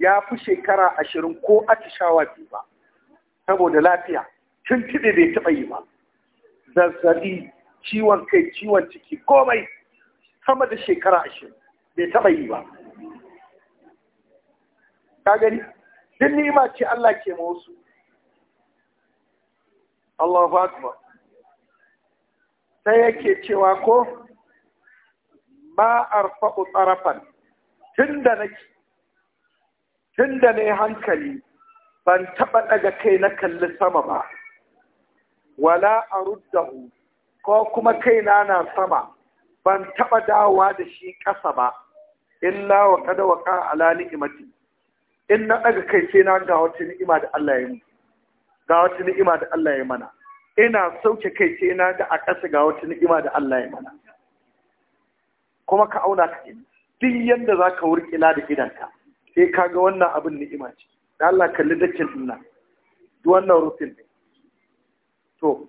ya fi shekara ashirin ko atishawa bi ba saboda lafiya tun tiɗe bai taba yi ba zazzabi ciwon kai ciwon ciki komai sama da shekara ashirin bai taɓa yi ba ka gani duk ni'ima ce Allah ke ma wasu Allahu akbar sai yake cewa ko arfa arfa'u tsarafan tunda nake tunda ne hankali ban taɓa ɗaga kai na kalli sama ba wala a ruddahu ko kuma kaina na sama ban taɓa dawowa da shi ƙasa ba illa wa kada wa ka ala ni'imati in na ɗaga kai sai na ga wata ni'ima da Allah ya ga wata ni'ima da Allah ya mana ina sauke kai sai na ga a ƙasa ga wata ni'ima da Allah ya mana kuma ka auna ka duk yanda za ka wurƙila da gidanka, sai ka ga wannan abin ni'ima ce da Allah kalli dakin dinnan duk wannan rufin ne to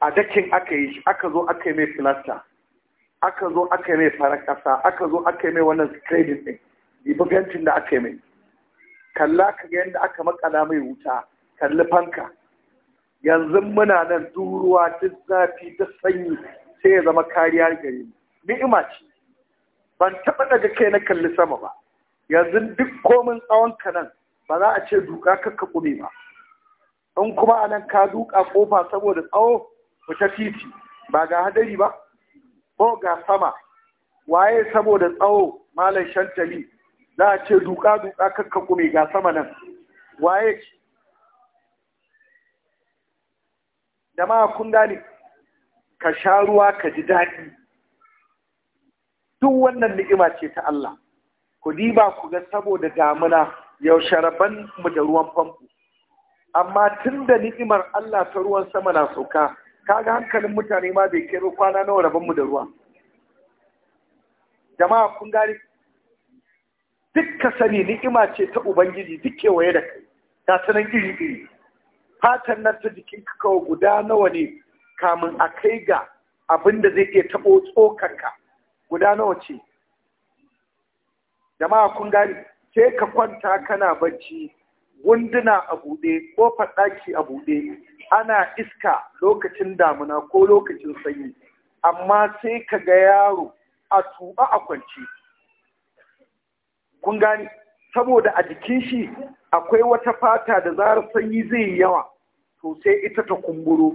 a dakin aka yi shi aka zo aka yi mai filasta aka zo aka yi mai farar ƙasa aka zo aka yi mai wannan screening ɗin dibugancin da aka yi mai kalla ka ga yadda aka makala mai wuta kalli fanka yanzu muna nan duruwa duk zafi sanyi sai ya zama kariya gare ni ni'ima ce ban taɓa daga kai na kalli sama ba yanzu duk komin tsawon ka nan ba za a ce duka ka kume ba in kuma a nan ka duka ƙofa saboda tsawo wata titi ba ga hadari ba ko ga sama waye saboda tsawo malam shantali za a ce duka duka kakka kume ga sama nan waye ma kun gane ka sha ruwa ka ji daɗi duk wannan ni'ima ce ta Allah ku diba ku ga saboda damuna yaushe rabon mu da ruwan famfo amma tun da ni'imar Allah ta ruwan sama na sauka kaga hankalin mutane ma bai kero kwana nawa rabon mu da ruwa jama'a kun gari dukka sani ni'ima ce ta ubangiji duk kewaye da kai ta sanan iri iri fatan nan ta jikin ka kawai guda nawa ne kamun a kai ga abin da zai iya taɓo tsokanka guda nawa ce jama'a kun gari sai ka kwanta kana bacci wunduna a buɗe kofar ɗaki a buɗe ana iska lokacin damuna ko lokacin sanyi amma sai ka ga yaro a tuba a kwance kun gani saboda a jikin shi akwai wata fata da zarar sanyi zai yi yawa to sai ita ta kumburo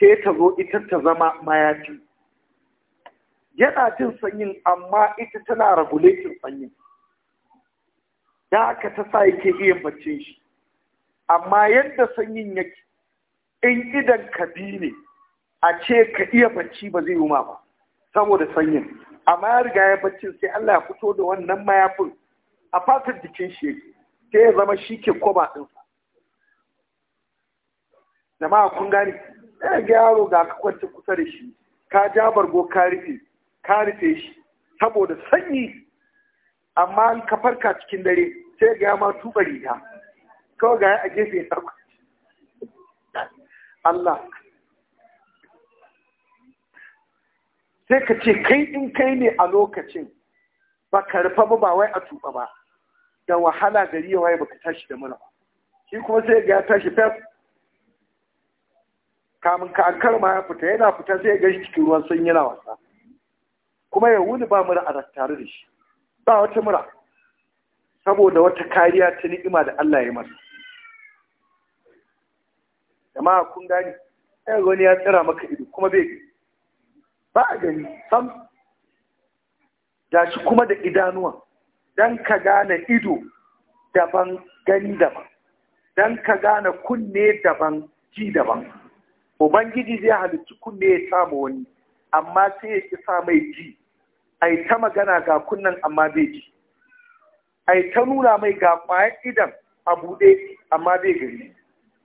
sai ta zo ita ta zama mayafi yana jin sanyin amma ita tana raguletin sanyin da haka ta sa yake iya baccin shi amma yadda sanyin yake in idan ka bi ne a ce ka iya bacci ba zai yi ma ba saboda sanyin amma ya riga ya baccin sai Allah ya fito da wannan mayafin a fatar jikin shi yake sai ya zama shi ke kwaba sa. jama'a kun gani ɗaya eh, ga yaro ga ka kwanci kusa da shi ka ja bargo ka rufe ka rufe shi saboda sanyi amma in ka farka cikin dare sai ga ma tuba riga kawai ga a gefe ta Allah sai ka ce kai in kai ne a lokacin ba ka rufa ba ba wai a tuba ba da wahala gari ya waye baka tashi da mura shi kuma sai ga tashi fes kamun ka an karma ya fita yana fita sai ya gashi cikin ruwan sun yana wasa kuma ya wuni ba mura a tattare da shi ba wata mura saboda wata kariya ta ni'ima da Allah ya masa jama'a kun gani ai wani ya tsira maka ido kuma bai ba a gani sam shi kuma da idanuwa dan ka gane ido daban gani daban dan ka gane kunne daban ji daban ubangiji zai halarci kunne ya samu wani amma sai ya ki sa mai ji ai ta magana ga kunnan amma bai ji ai ta nuna mai ga ƙwayar idan a buɗe amma bai gari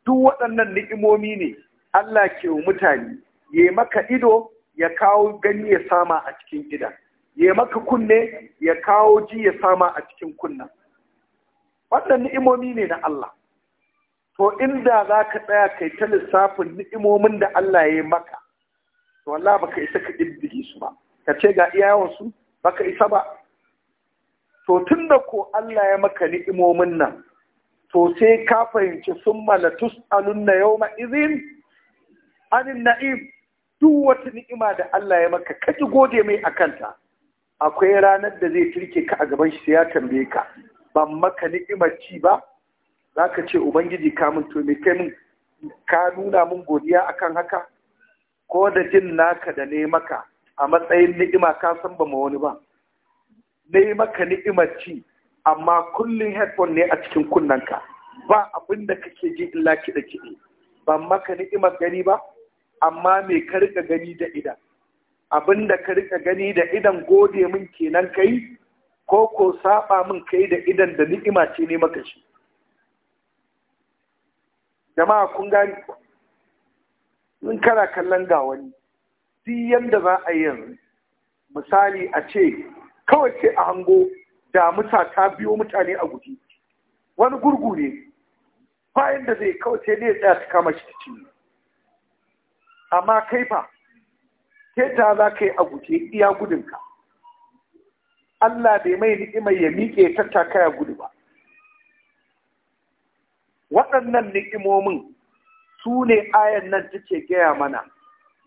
duk waɗannan ni'imomi ne Allah ke wa mutane ya maka ido ya kawo gani ya sama a cikin idan ya maka kunne ya kawo ji ya sama a cikin kunna waɗannan ni'imomi ne na Allah to inda za ka tsaya kai ta lissafin ni'imomin da Allah ya yi maka to Allah baka isa ka ɗiddige su ba ka ce ga iyawansu baka isa ba to tun da ko Allah ya maka ni'imomin nan to sai ka fahimci sun malatus na yau izin anin na'im duk wata ni'ima da Allah ya maka kaji gode mai a kanta akwai ranar da zai turke ka a gaban shi ya tambaye ka ban maka ni'imar ci ba za ka ce ubangiji ka mun to me kai mun ka nuna mun godiya akan haka ko da jin naka da ne maka a matsayin ni'ima ka san ba ma wani ba na yi maka ni'imar ci amma kullum headphone ne a cikin kunnanka ba abin da kake ji illa kiɗe kiɗe ban maka ni'imar gani ba amma me ka rika gani da idan abin da ka rika gani da idan gode min kenan kai ko ko saba min kai da idan da ni'ima ce ne maka shi jama'a kun gani in kana kallon ga wani duk yanda za a yi yanzu misali a ce kawai sai a hango damusa ta biyo mutane a guji wani gurgu ne bayan da zai kawai sai ne tsaya ta kama shi ciki amma kai fa sai ta za ka yi a guje iya gudunka Allah bai mai ni'imar ya miƙe tattaka ya gudu ba waɗannan ni'imomin su ne ayan nan take gaya mana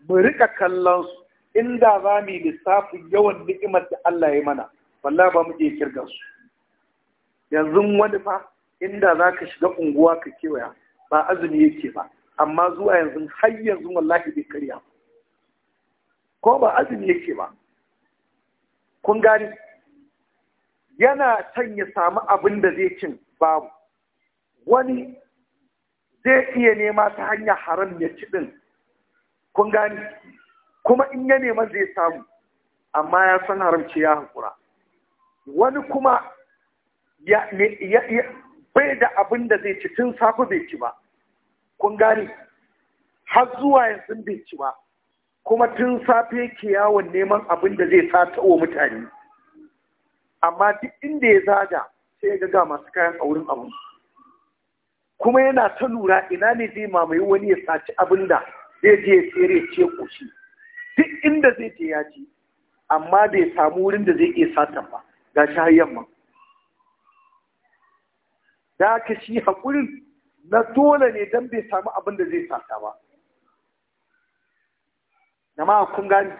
mu riƙa kallon su inda za mu lissafin yawan ni'imar da Allah ya mana wallahi ba mu iya kirga su yanzu wani fa inda za ka shiga unguwa ka kewaya ba azumi yake ba amma zuwa yanzu har yanzu wallahi bai karya ko ba azumi yake ba kun gani yana can ya samu abin da zai cin babu wani zai iya nema ta hanyar haram ya ci din kun gani kuma in ya nema zai samu amma ya san haramci ya haƙura wani kuma ya, bai da abin da zai ci tun safe bai ci ba kun gane har zuwa yanzu bai ci ba kuma tun safe ke yawon neman abin da zai sata wa mutane amma duk inda ya zaga sai ya ga masu kayan a wurin abu kuma yana ta lura ina ne zai mamaye wani ya saci abin da zai je ya tsere ce shi duk inda zai je ya je amma bai samu wurin da zai iya satan ba ga shi har yamma da ka shi haƙurin na dole ne don bai samu abin da zai sata ba ma kun gani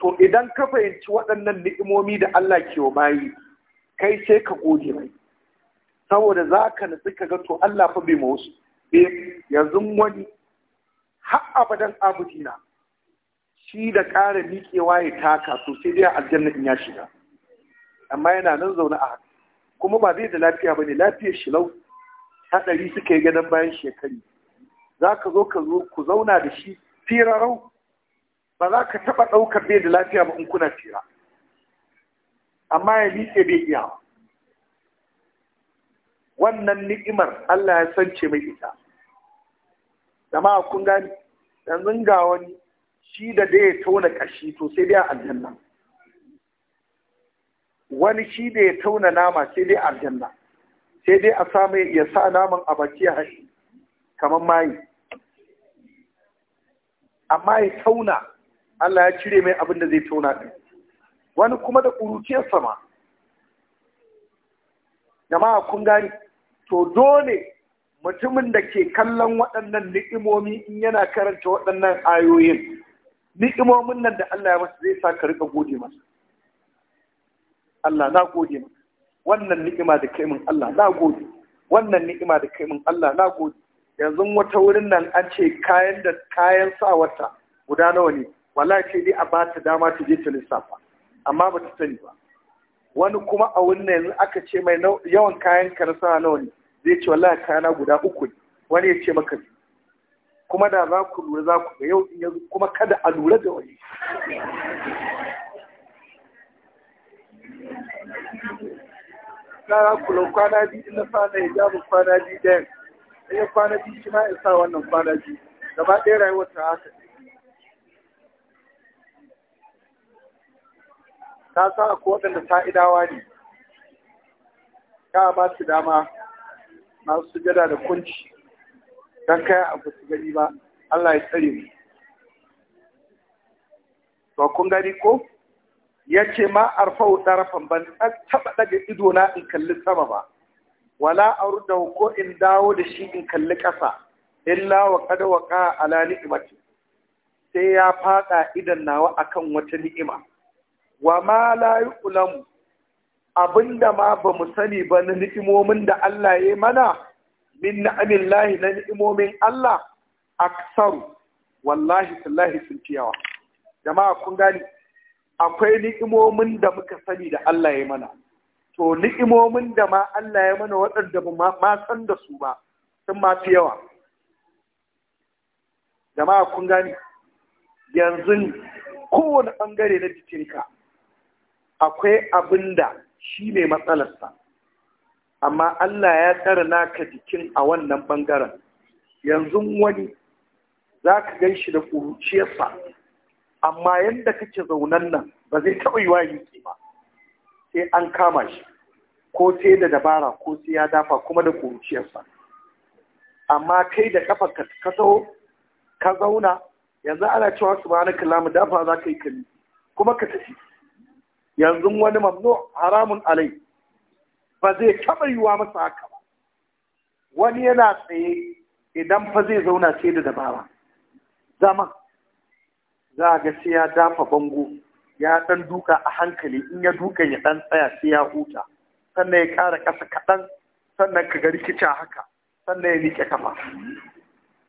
to idan ka fahimci waɗannan ni'imomi da Allah ke wa bayi kai sai ka gode mai saboda za ka nutsu ka ga to Allah fa bai ma wasu eh, yanzu wani har abadan dina shi da ƙara miƙewa ya taka sosai dai aljanna in ya shiga amma yana nan zaune a haka kuma ba zai da lafiya ba ne lafiyar shi lau haɗari suka yi gadon bayan shekaru za ka zo ka zo ku zauna da shi firarau ba za ka taɓa ɗaukar bai da lafiya ba in kuna fira amma ya miƙe bai iya wannan ni'imar Allah ya sance mai ita jama'a kun gani yanzu ga wani shi da dai ya tauna ƙashi to sai dai aljanna wani shi da ya tauna nama sai dai aljanna sai dai a samu ya sa naman a baki a kamar mayi amma ya tauna Allah ya cire mai abin da zai tauna ɗin wani kuma da ƙuruciyar sama jama'a kun gani to dole mutumin da ke kallon waɗannan ni'imomi in yana karanta waɗannan ayoyin ni'imomin nan da Allah ya masa zai sa ka rika gode masa Allah na gode masa wannan ni'ima da kai min Allah na gode wannan ni'ima da kai min Allah na gode yanzu wata wurin nan an ce kayan da kayan sawarta guda nawa ne wallahi sai dai a ba ta dama ta je ta lissafa amma ba ta sani ba wani kuma a wurin yanzu aka ce mai yawan kayan ka na nawa ne zai ce wallahi kayana guda uku ne wani ya ce maka biyu kuma da za ku lura za ku ga yau in yanzu kuma kada a lura da wani na kula kwana biyu na fana ya jamu kwana biyu ɗayan sai ya kwana biyu shi ma in sa wannan kwana biyu gaba ɗaya rayuwar ta haka ta sa ko waɗanda idawa ne ta ba su dama masu sujada da kunci don kai abu su gani ba Allah ya tsare mu to kun gani ko ya ce ma arfau darafan ban taɓa daga ido na in kalli sama ba wala arda ko in dawo da shi in kalli ƙasa illa wa qad waqa ala ni'mati sai ya faɗa idan nawa akan wata ni'ima wa ma la yu'lamu abinda ma ba mu sani ba na ni'imomin da Allah ya mana min na'amin lahi na ni'imomin Allah aksaru wallahi tallahi sun fi yawa jama'a kun gani akwai ni'imomin da muka sani da Allah ya mana to ni'imomin da ma Allah ya mana waɗanda ba ma san da su ba sun ma fi yawa jama'a kun gani yanzu kowane ɓangare na jikinka akwai abin da shi ne matsalarsa amma Allah ya tsara naka jikin a wannan bangaren yanzu wani za ka gan shi da ƙuruciyarsa amma yadda kake zaunan nan ba zai taɓa yi wayi ba sai an kama shi ko sai da dabara ko sai ya dafa kuma da ƙuruciyarsa amma kai da ƙafa ka taho ka zauna yanzu ana cewa su ba kalamu dafa za ka yi kalli, kuma ka tafi yanzu wani mamno haramun alai ba zai taɓa yiwa masa haka ba wani yana tsaye idan fa zai zauna sai da dabara zama za a ga sai ya dafa bango ya ɗan duka a hankali in ya duka ya ɗan tsaya sai ya huta sannan ya ƙara ƙasa kaɗan sannan ka ga rikici haka sannan ya miƙe kafa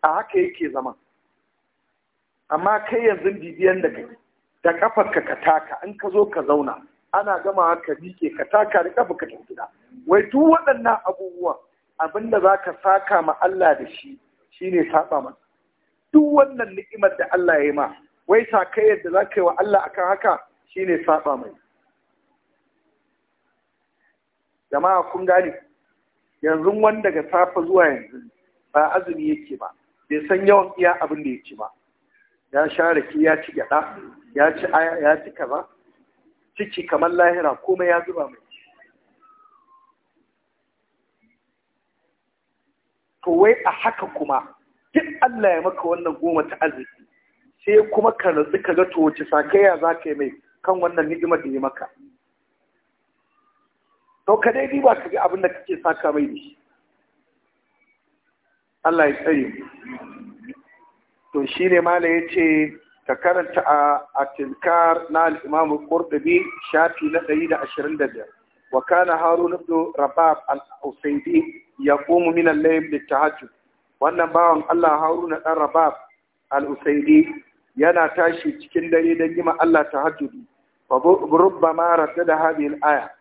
a haka yake zama amma kai yanzu bibiyan da kai da kafar ka ka taka in ka zo ka zauna ana gama ka miƙe ka taka da kafar ka ta gida wai duk waɗannan abubuwa abinda za ka saka ma Allah da shi shi ne saɓa ma duk wannan ni'imar da Allah ya yi ma wai saka yadda za ka yi wa Allah akan haka shi ne saɓa mai jama'a kun gane yanzu wani daga safa zuwa yanzu ba azumi yake ba bai san yawan iya abin da ya ci ba ya share ki ya ci gyada ya ci aya ya ci kaza ciki kamar lahira komai ya zuba mai to wai a haka kuma duk Allah ya maka wannan goma ta arziki sai kuma ka nutsu ka ga to wace sakaya za ka yi mai kan wannan ni'imar da ya maka to ka dai ba ka ga abin da kake saka mai da shi Allah ya tsare to shi ne mala ya ce ka karanta a tilkar na Al-Imam al qurtubi shafi na 125 wa kana harun ibn rabab al usaydi Ya min al-layl litahajjud wannan bawan Allah Haruna dan Rabab al-Usaidi yana tashi cikin dare dan yi ma Allah tahajjudi fa ma raddada hadhihi al-aya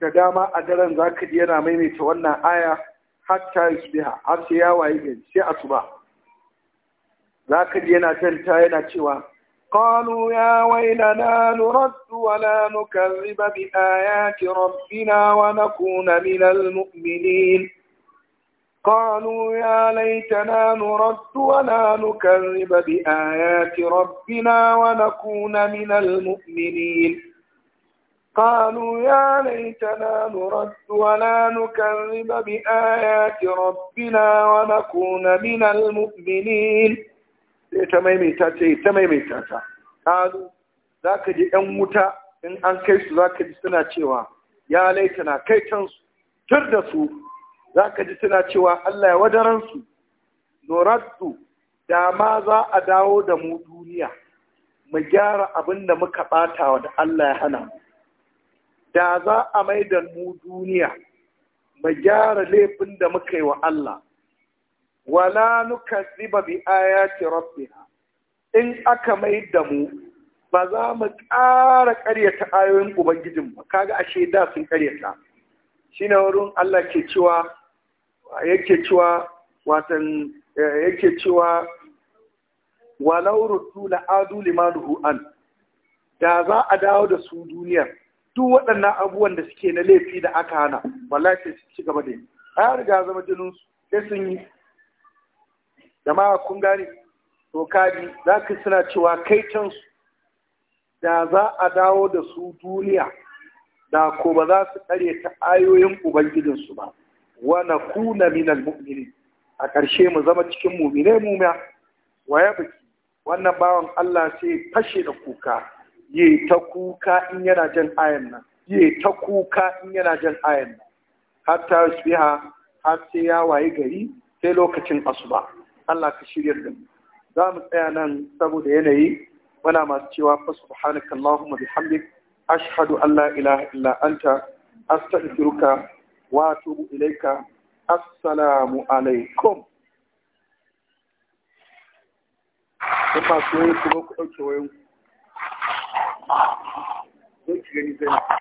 da dama a daren zaka ji yana maimaita wannan aya hatta yusbiha har sai ya waye sai asuba zaka ji yana tanta yana cewa قالوا يا ويلنا نرد ولا نكذب بآيات ربنا ونكون من المؤمنين قالوا يا ليتنا نرد ولا نكذب بآيات ربنا ونكون من المؤمنين قالوا يا ليتنا نرد ولا نكذب بآيات ربنا ونكون من المؤمنين sai ta maimaita ce ta maimaita ta kalu za ka ji yan wuta in an kai su za ka ji suna cewa ya laita na kai can su tur da su za ka ji suna cewa Allah ya wadaran su norattu da ma za a dawo da mu duniya mu gyara abin da muka bata wa da Allah ya hana mu da za a maida mu duniya mu gyara laifin da muka yi wa Allah wala nukazziba bi ayati rabbina in aka mai da mu ba za mu ƙara ƙaryata ayoyin ubangijin ba kaga ashe da sun ƙaryata shine wurin Allah ke cewa yake cewa watan eh, yake cewa walau rutu la adu limanuhu an da za a dawo da su duniya duk waɗannan abubuwan da suke na laifi da aka hana wallahi sai su ci gaba da yi a riga zama jinin su sai sun yi jama'a kun gane to kaji za ka suna cewa kai can su da za a dawo da su duniya da ko ba za su tsare ta ayoyin ubangijinsu ba wa na kuna minal mu'mini a ƙarshe mu zama cikin mu'mine mumiya wa ya biki wannan bawan Allah sai fashe da kuka ye ta kuka in yana jan ayan nan ye ta kuka in yana jan ayan nan hatta har sai ya wayi gari sai lokacin asuba Allah ka shirya da za mu tsaya nan saboda yanayi muna masu cewa fa subhanaka allahumma bihamdik ashhadu an la ilaha illa anta astaghfiruka wa atubu ilaika assalamu alaikum in masu wayo kuma ku ɗauke wayo. Zai ki gani zai